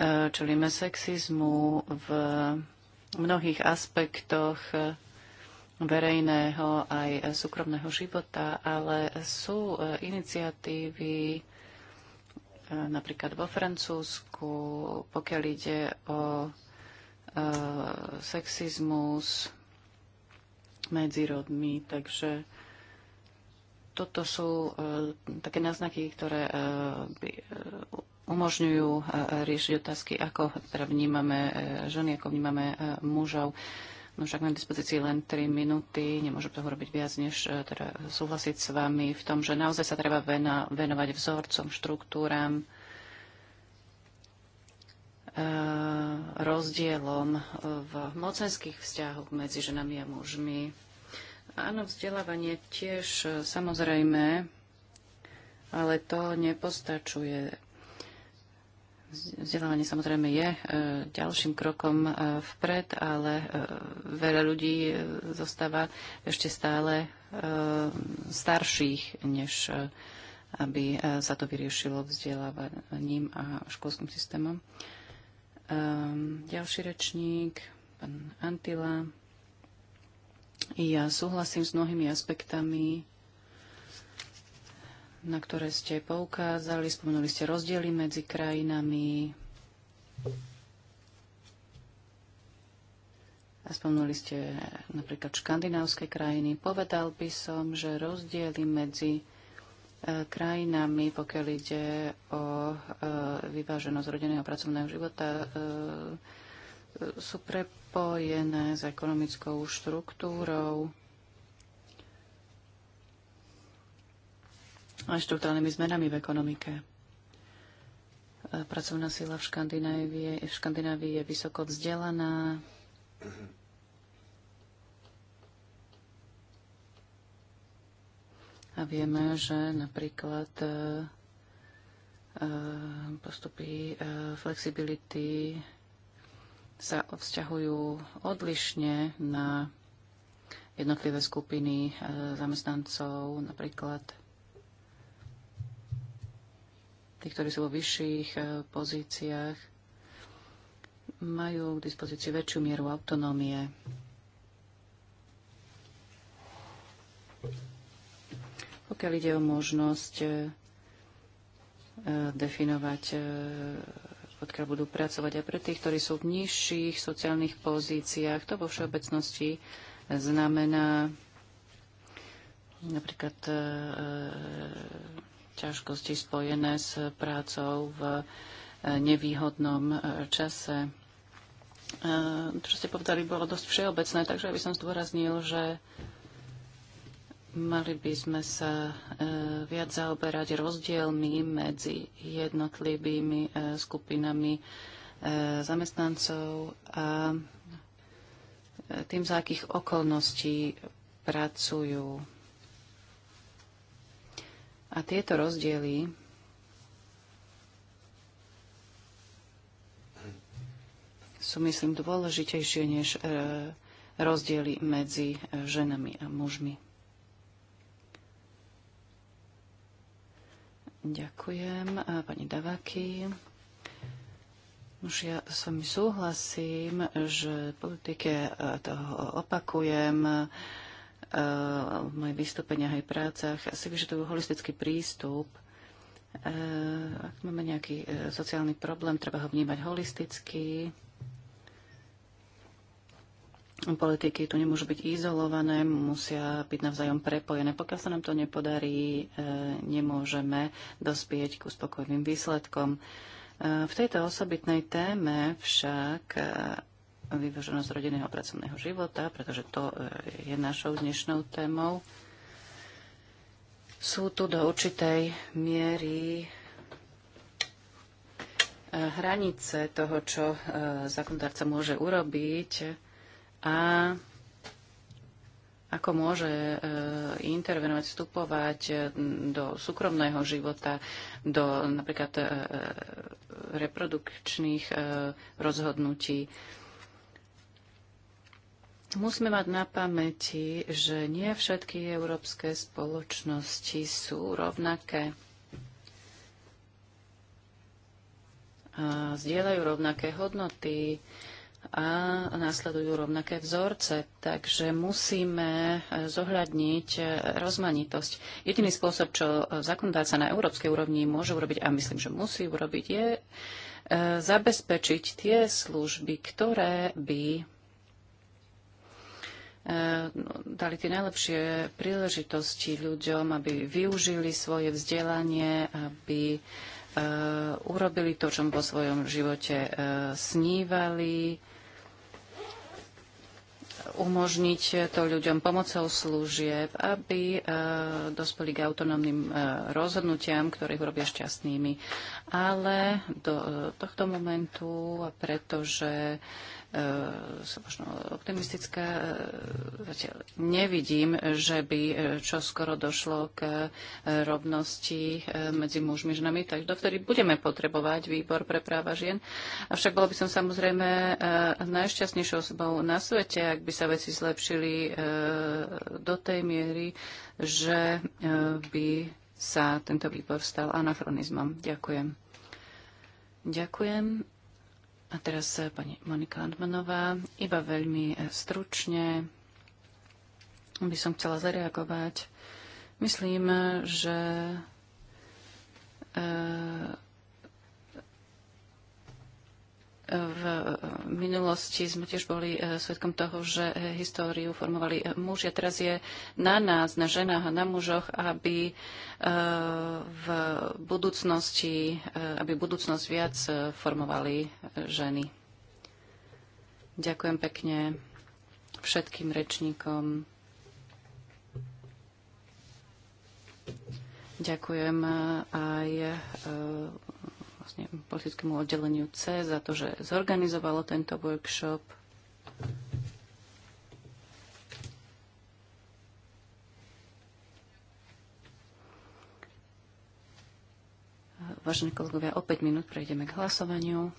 Eh, čelíme sexizmu v mnohých aspektoch eh, verejného aj súkromného života, ale sú eh, iniciatívy napríklad vo Francúzsku, pokiaľ ide o sexizmus medzi rodmi, takže toto sú také náznaky, ktoré by umožňujú e, riešiť otázky, ako teda vnímame e, ženy, ako vnímame e, mužov. No však mám dispozícii len 3 minúty, nemôžem toho robiť viac, než teda súhlasiť s vami v tom, že naozaj sa treba vena, venovať vzorcom, štruktúram, rozdielom v mocenských vzťahoch medzi ženami a mužmi. Áno, vzdelávanie tiež samozrejme, ale to nepostačuje Vzdelávanie samozrejme je e, ďalším krokom e, vpred, ale e, veľa ľudí zostáva ešte stále starších, než aby sa to vyriešilo vzdelávaním a školským systémom. Ďalší rečník, pán Antila. Ja súhlasím s mnohými aspektami na ktoré ste poukázali. Spomenuli ste rozdiely medzi krajinami. A spomenuli ste napríklad škandinávske krajiny. Povedal by som, že rozdiely medzi e, krajinami, pokiaľ ide o e, vyváženosť rodinného pracovného života, e, sú prepojené s ekonomickou štruktúrou aj štruktúrnymi zmenami v ekonomike. E, pracovná sila v Škandinávii, v Škandinávii je vysoko vzdelaná. A vieme, že napríklad e, e, postupy flexibility sa vzťahujú odlišne na jednotlivé skupiny zamestnancov, napríklad tí, ktorí sú vo vyšších e, pozíciách, majú k dispozícii väčšiu mieru autonómie. Pokiaľ ide o možnosť e, definovať, e, odkiaľ budú pracovať. A pre tých, ktorí sú v nižších sociálnych pozíciách, to vo všeobecnosti znamená napríklad ťažkosti spojené s prácou v e, nevýhodnom e, čase. E, čo ste povedali, bolo dosť všeobecné, takže aby som zdôraznil, že mali by sme sa viac zaoberať rozdielmi medzi jednotlivými skupinami zamestnancov a tým, za akých okolností pracujú. A tieto rozdiely sú, myslím, dôležitejšie než e, rozdiely medzi e, ženami a mužmi. Ďakujem. A e, pani Davaky. Už ja s vami súhlasím, že politike toho opakujem v mojich vystúpeniach aj prácach si vyžadujú holistický prístup. Eh, ak máme nejaký eh, sociálny problém, treba ho vnímať holisticky. Politiky tu nemôžu byť izolované, musia byť navzájom prepojené. Pokiaľ sa nám to nepodarí, eh, nemôžeme dospieť ku spokojným výsledkom. V tejto osobitnej téme však vyváženosť rodinného a pracovného života, pretože to e, je našou dnešnou témou. Sú tu do určitej miery e, hranice toho, čo e, zákonodárca môže urobiť a ako môže intervenovať, vstupovať do súkromného života, do napríklad reprodukčných rozhodnutí. Musíme mať na pamäti, že nie všetky európske spoločnosti sú rovnaké. A zdieľajú rovnaké hodnoty a následujú rovnaké vzorce, takže musíme zohľadniť rozmanitosť. Jediný spôsob, čo zákonodárca na európskej úrovni môže urobiť, a myslím, že musí urobiť, je e, zabezpečiť tie služby, ktoré by Eh, dali tie najlepšie príležitosti ľuďom, aby využili svoje vzdelanie, aby eh, urobili to, čo vo svojom živote eh, snívali, umožniť to ľuďom pomocou služieb, aby dospeli k autonómnym rozhodnutiam, ktorých robia šťastnými. Ale do tohto momentu, pretože E, sa možno optimistická. E, zatiaľ nevidím, že by e, čo skoro došlo k rovnosti medzi mužmi a ženami, do dovtedy budeme potrebovať výbor pre práva žien. Avšak bol by som samozrejme najšťastnejšou osobou na svete, ak by sa veci zlepšili do tej miery, že by sa tento výbor stal anachronizmom. Ďakujem. Ďakujem. A teraz eh, pani Monika Landmanová. Iba veľmi eh, stručne by som chcela zareagovať. Myslím, eh, že v minulosti sme tiež boli e, svetkom toho, že e, históriu formovali e, muži a teraz je na nás, na ženách a na mužoch, aby v budúcnosti, aby budúcnosť viac formovali ženy. Ďakujem pekne všetkým rečníkom. Ďakujem aj vlastne politickému oddeleniu C za to, že zorganizovalo tento workshop. Vážení kolegovia, o 5 minút prejdeme k hlasovaniu.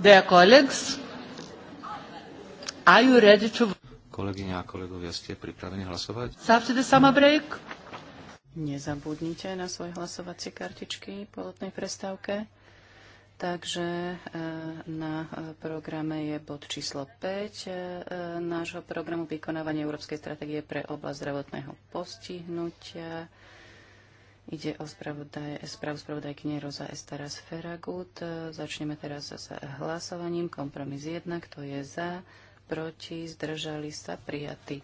Dear colleagues, are you ready to... Kolegyne a kolegovia, ste pripravení hlasovať? After the summer break. Nezabudnite na svoje hlasovacie kartičky po letnej prestávke. Takže eh, na eh, programe je bod číslo 5 eh, nášho programu vykonávanie Európskej stratégie pre oblasť zdravotného postihnutia. Ide o spravodaj, správu spravodajkyne Roza Estaras Feragut. Začneme teraz s hlasovaním. Kompromis 1, kto je za, proti, zdržali sa, prijatý.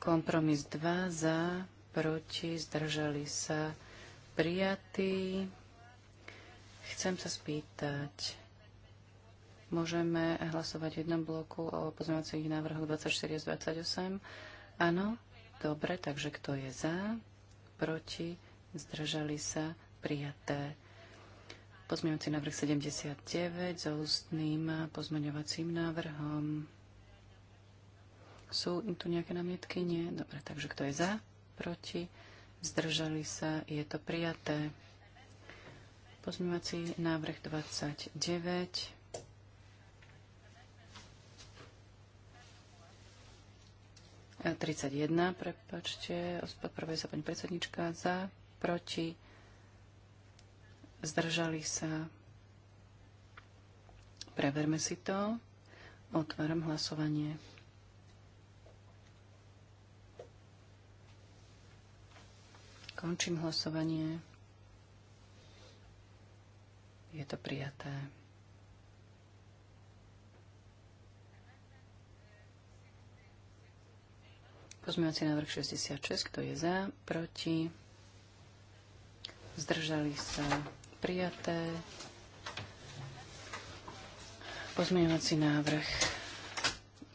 Kompromis 2, za, proti, zdržali sa, prijatý. Chcem sa spýtať, Môžeme hlasovať v jednom bloku o pozmeňovacích návrhoch 24 a 28. Áno? Dobre, takže kto je za? Proti? zdržali sa, prijaté. Pozmeňovací návrh 79 so ústným pozmeňovacím návrhom. Sú tu nejaké námietky? Nie. Dobre, takže kto je za? Proti? Zdržali sa? Je to prijaté. Pozmeňovací návrh 29. A 31, prepačte, prvé sa pani predsednička za, proti, zdržali sa. Preverme si to. Otváram hlasovanie. Končím hlasovanie. Je to prijaté. Pozmeňovací návrh 66, kto je za, proti, zdržali sa prijaté. Pozmeňovací návrh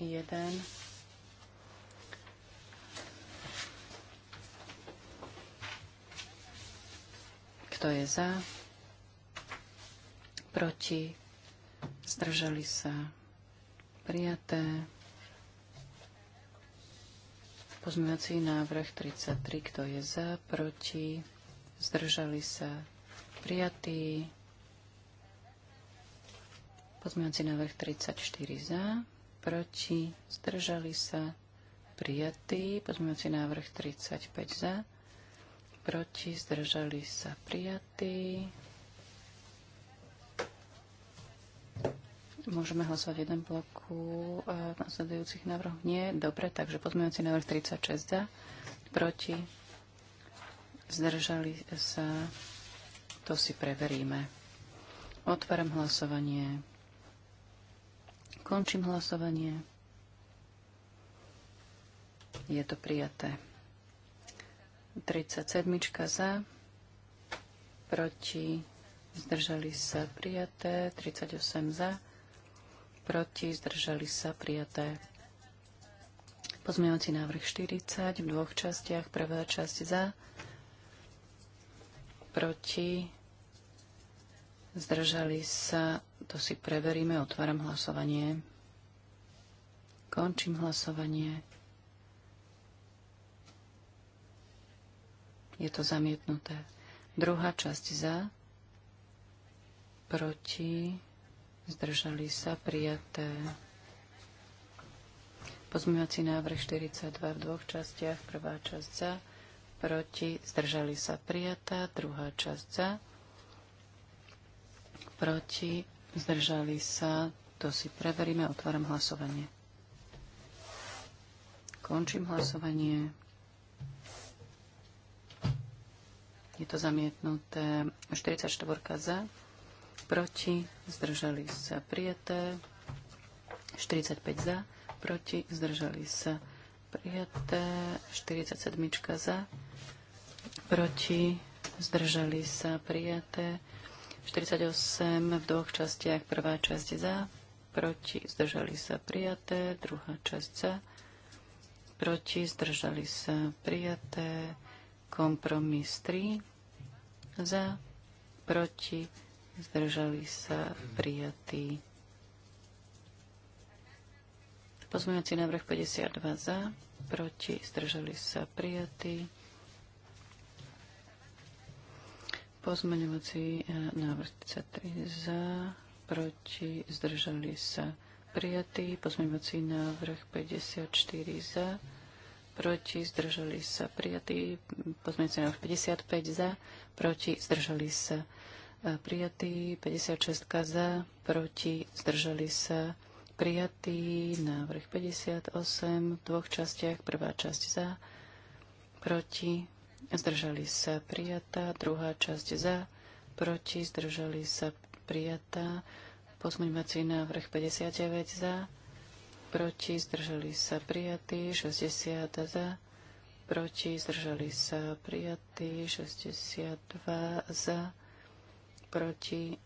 1. Kto je za? Proti? Zdržali sa? Prijaté. Pozmeňovací návrh 33. Kto je za? Proti? zdržali sa prijatí. Pozmeňujúci návrh 34 za, proti, zdržali sa prijatí. Pozmeňujúci návrh 35 za, proti, zdržali sa prijatí. Môžeme hlasovať jeden bloku eh, nasledujúcich návrhov? nie. Dobre, takže pozmeňujúci návrh 36 za, proti, Zdržali sa. To si preveríme. Otváram hlasovanie. Končím hlasovanie. Je to prijaté. 37 za, proti, zdržali sa prijaté, 38 za, proti, zdržali sa prijaté. Pozmeňovací návrh 40 v dvoch častiach, prvá časť za, proti, zdržali sa, to si preveríme, otváram hlasovanie, končím hlasovanie. Je to zamietnuté. Druhá časť za, proti, zdržali sa, prijaté. Pozmývací návrh 42 v dvoch častiach. Prvá časť za, proti, zdržali sa prijatá, druhá časť za, proti, zdržali sa, to si preveríme, otváram hlasovanie. Končím hlasovanie. Je to zamietnuté 44 za, proti, zdržali sa prijaté, 45 za, proti, zdržali sa prijaté. 47 za, proti, zdržali sa prijaté. 48 v dvoch častiach, prvá časť za, proti, zdržali sa prijaté, druhá časť za, proti, zdržali sa prijaté, kompromis 3 za, proti, zdržali sa prijatí. Pozmeňovací návrh 52 za, proti, zdržali sa prijatí. Pozmeňovací e, návrh 33 za, proti, zdržali sa prijatí. Pozmeňovací návrh 54 za, proti, zdržali sa prijatí. Pozmeňovací návrh 55 za, proti, zdržali sa e, prijatí. 56 za, proti, zdržali sa prijatí prijatý. Návrh 58 v dvoch častiach. Prvá časť za, proti, zdržali sa prijatá. Druhá časť za, proti, zdržali sa prijatá. Pozmeňovací návrh 59 za, proti, zdržali sa prijatí, 60 za, proti, zdržali sa prijatí, 62 za, proti,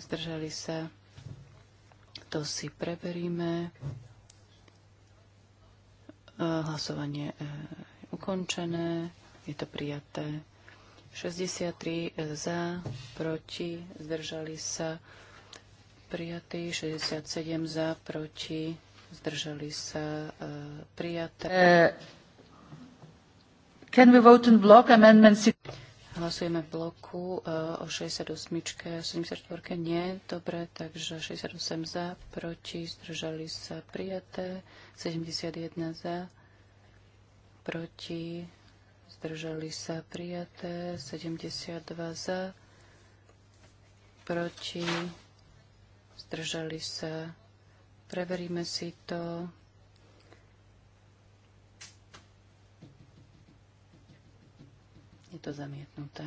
zdržali sa to si preveríme. E, hlasovanie je ukončené. Je to prijaté. 63 e, za, proti, zdržali sa. Prijatý 67 za, proti, zdržali sa. E, prijaté. Uh, can we vote in block amendment? Hlasujeme v bloku e, o 68. 74. nie. Dobre, takže 68 za, proti, zdržali sa prijaté. 71 za, proti, zdržali sa prijaté. 72 za, proti, zdržali sa. Preveríme si to. Je to zamietnuté.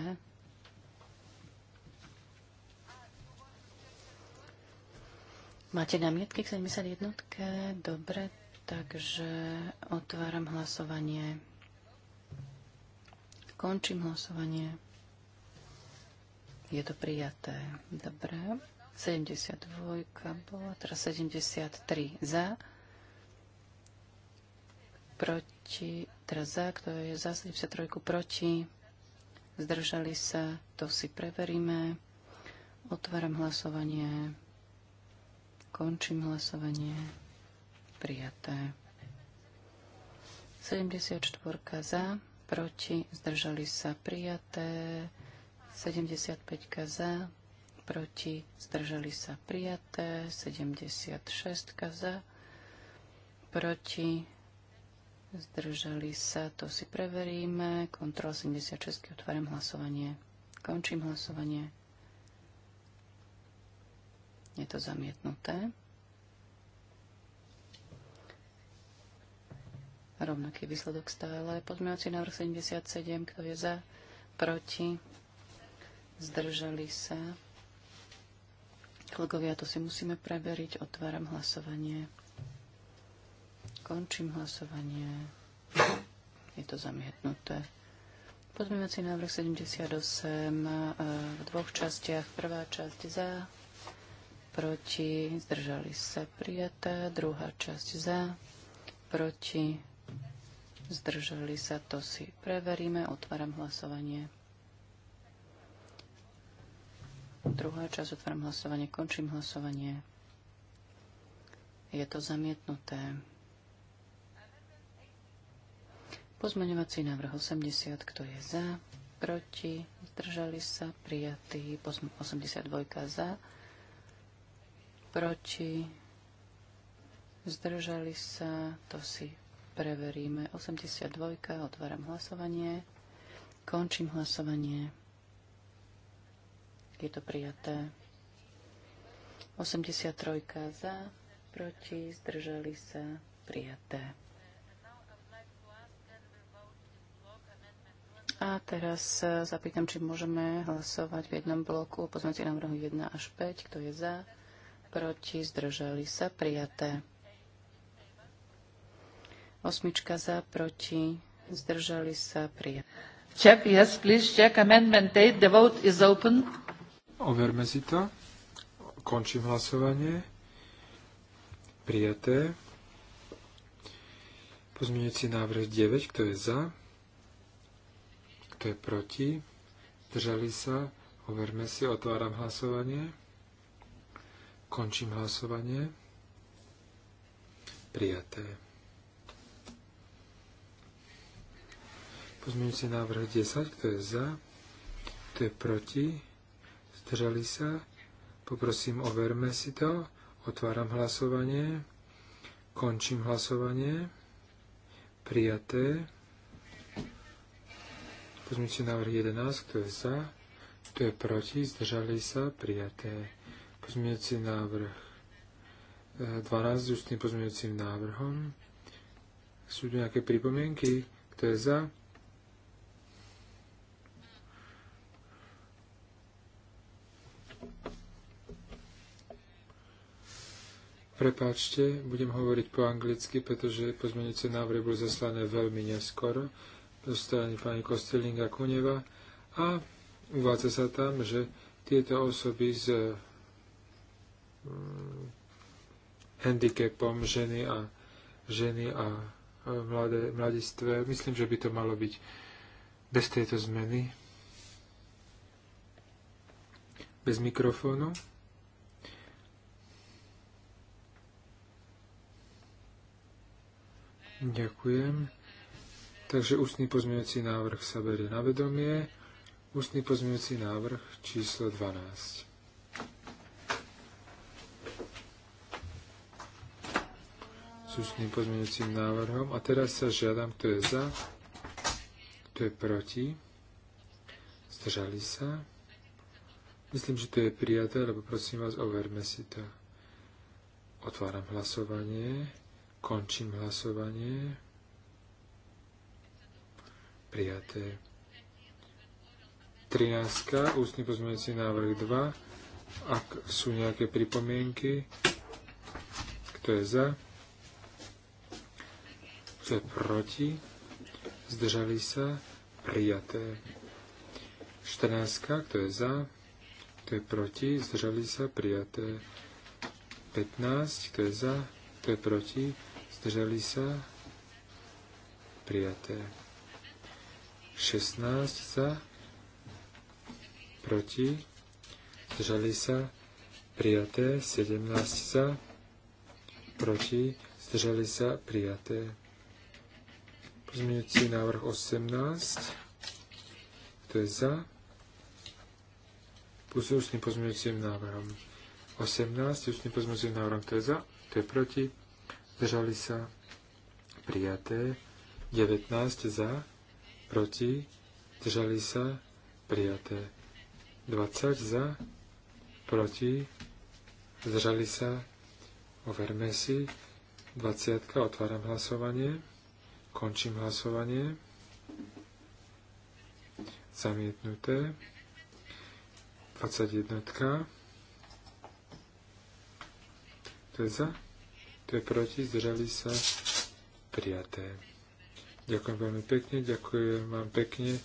Máte námietky k 71? Dobre, takže otváram hlasovanie. Končím hlasovanie. Je to prijaté. Dobre. 72 bola, teraz 73 za. Proti, teraz za, kto je za 73 proti zdržali sa, to si preveríme. Otváram hlasovanie, končím hlasovanie, prijaté. 74 za, proti, zdržali sa, prijaté. 75 za, proti, zdržali sa, prijaté. 76 za, proti, Zdržali sa, to si preveríme. Kontrol 76, otváram hlasovanie. Končím hlasovanie. Je to zamietnuté. Rovnaký výsledok stále. Pozmeňovací návrh 77, kto je za, proti, zdržali sa. Kolegovia, to si musíme preveriť. Otváram hlasovanie. Končím hlasovanie. Je to zamietnuté. Pozmievací návrh 78 e, v dvoch častiach. Prvá časť za, proti, zdržali sa prijaté. Druhá časť za, proti, zdržali sa. To si preveríme. Otváram hlasovanie. Druhá časť, otváram hlasovanie. Končím hlasovanie. Je to zamietnuté. Pozmeňovací návrh 80, kto je za, proti, zdržali sa, prijatý. 82 za, proti, zdržali sa, to si preveríme. 82, otváram hlasovanie, končím hlasovanie. Je to prijaté. 83 za, proti, zdržali sa, prijaté. A teraz e, zapýtam, či môžeme hlasovať v jednom bloku o pozmeňujúcich návrhoch 1 až 5. Kto je za? Proti? Zdržali sa? Prijaté. Osmička za, proti, zdržali sa, prijaté. Check, yes, please check amendment 8. The vote is open. Overme si to. Končím hlasovanie. Prijaté. Pozmeňujúci návrh 9, kto je za? kto je proti, Zdržali sa, overme si, otváram hlasovanie, končím hlasovanie, prijaté. Pozmeňujúci návrh 10, kto je za, kto je proti, zdržali sa, poprosím, overme si to, otváram hlasovanie, končím hlasovanie, prijaté. Pozmite návrh 11, kto je za, kto je proti, zdržali sa, prijaté. Pozmite návrh 12 e, s ústnym pozmeňujúcim návrhom. Sú tu nejaké pripomienky? Kto je za? Prepáčte, budem hovoriť po anglicky, pretože pozmeňujúce návrhy boli zaslané veľmi neskoro zo strany pani Kostelinga Kuneva a uvádza sa tam, že tieto osoby s mm, handicapom ženy a, ženy a e, mladé, mladistvé, myslím, že by to malo byť bez tejto zmeny, bez mikrofónu. Ďakujem. Takže ústny pozmeňujúci návrh sa berie na vedomie. Ústny pozmeňujúci návrh číslo 12. S ústnym pozmeňujúcim návrhom. A teraz sa žiadam, kto je za, kto je proti. Zdržali sa. Myslím, že to je prijaté, lebo prosím vás, overme si to. Otváram hlasovanie. Končím hlasovanie prijaté. 13. Ústny pozmeňujúci návrh 2. Ak sú nejaké pripomienky, kto je za? Kto je proti? Zdržali sa? Prijaté. 14. Kto je za? Kto je proti? Zdržali sa? Prijaté. 15. Kto je za? Kto je proti? Zdržali sa? Prijaté. 16 za, proti, zdržali sa, prijaté, 17 za, proti, zdržali sa, prijaté. Pozmeňujúci návrh 18, to je za, s ústnym pozmeňujúcim návrhom. 18, ústnym pozmeňujúcim návrhom, to je za, to je proti, zdržali sa, prijaté, 19 za, proti, zdržali sa, prijaté. 20 za, proti, zdržali sa, overme si. 20, otváram hlasovanie, končím hlasovanie, zamietnuté. 21. To je za, to je proti, zdržali sa, prijaté. Ďakujem veľmi pekne, ďakujem vám pekne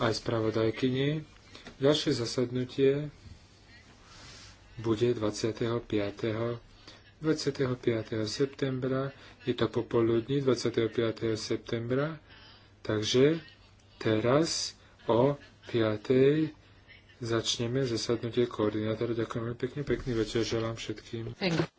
aj spravodajkyni. Ďalšie zasadnutie bude 25. 25. septembra, je to popoludní 25. septembra, takže teraz o 5. začneme zasadnutie koordinátora. Ďakujem pekne, pekný večer želám všetkým. Thank you.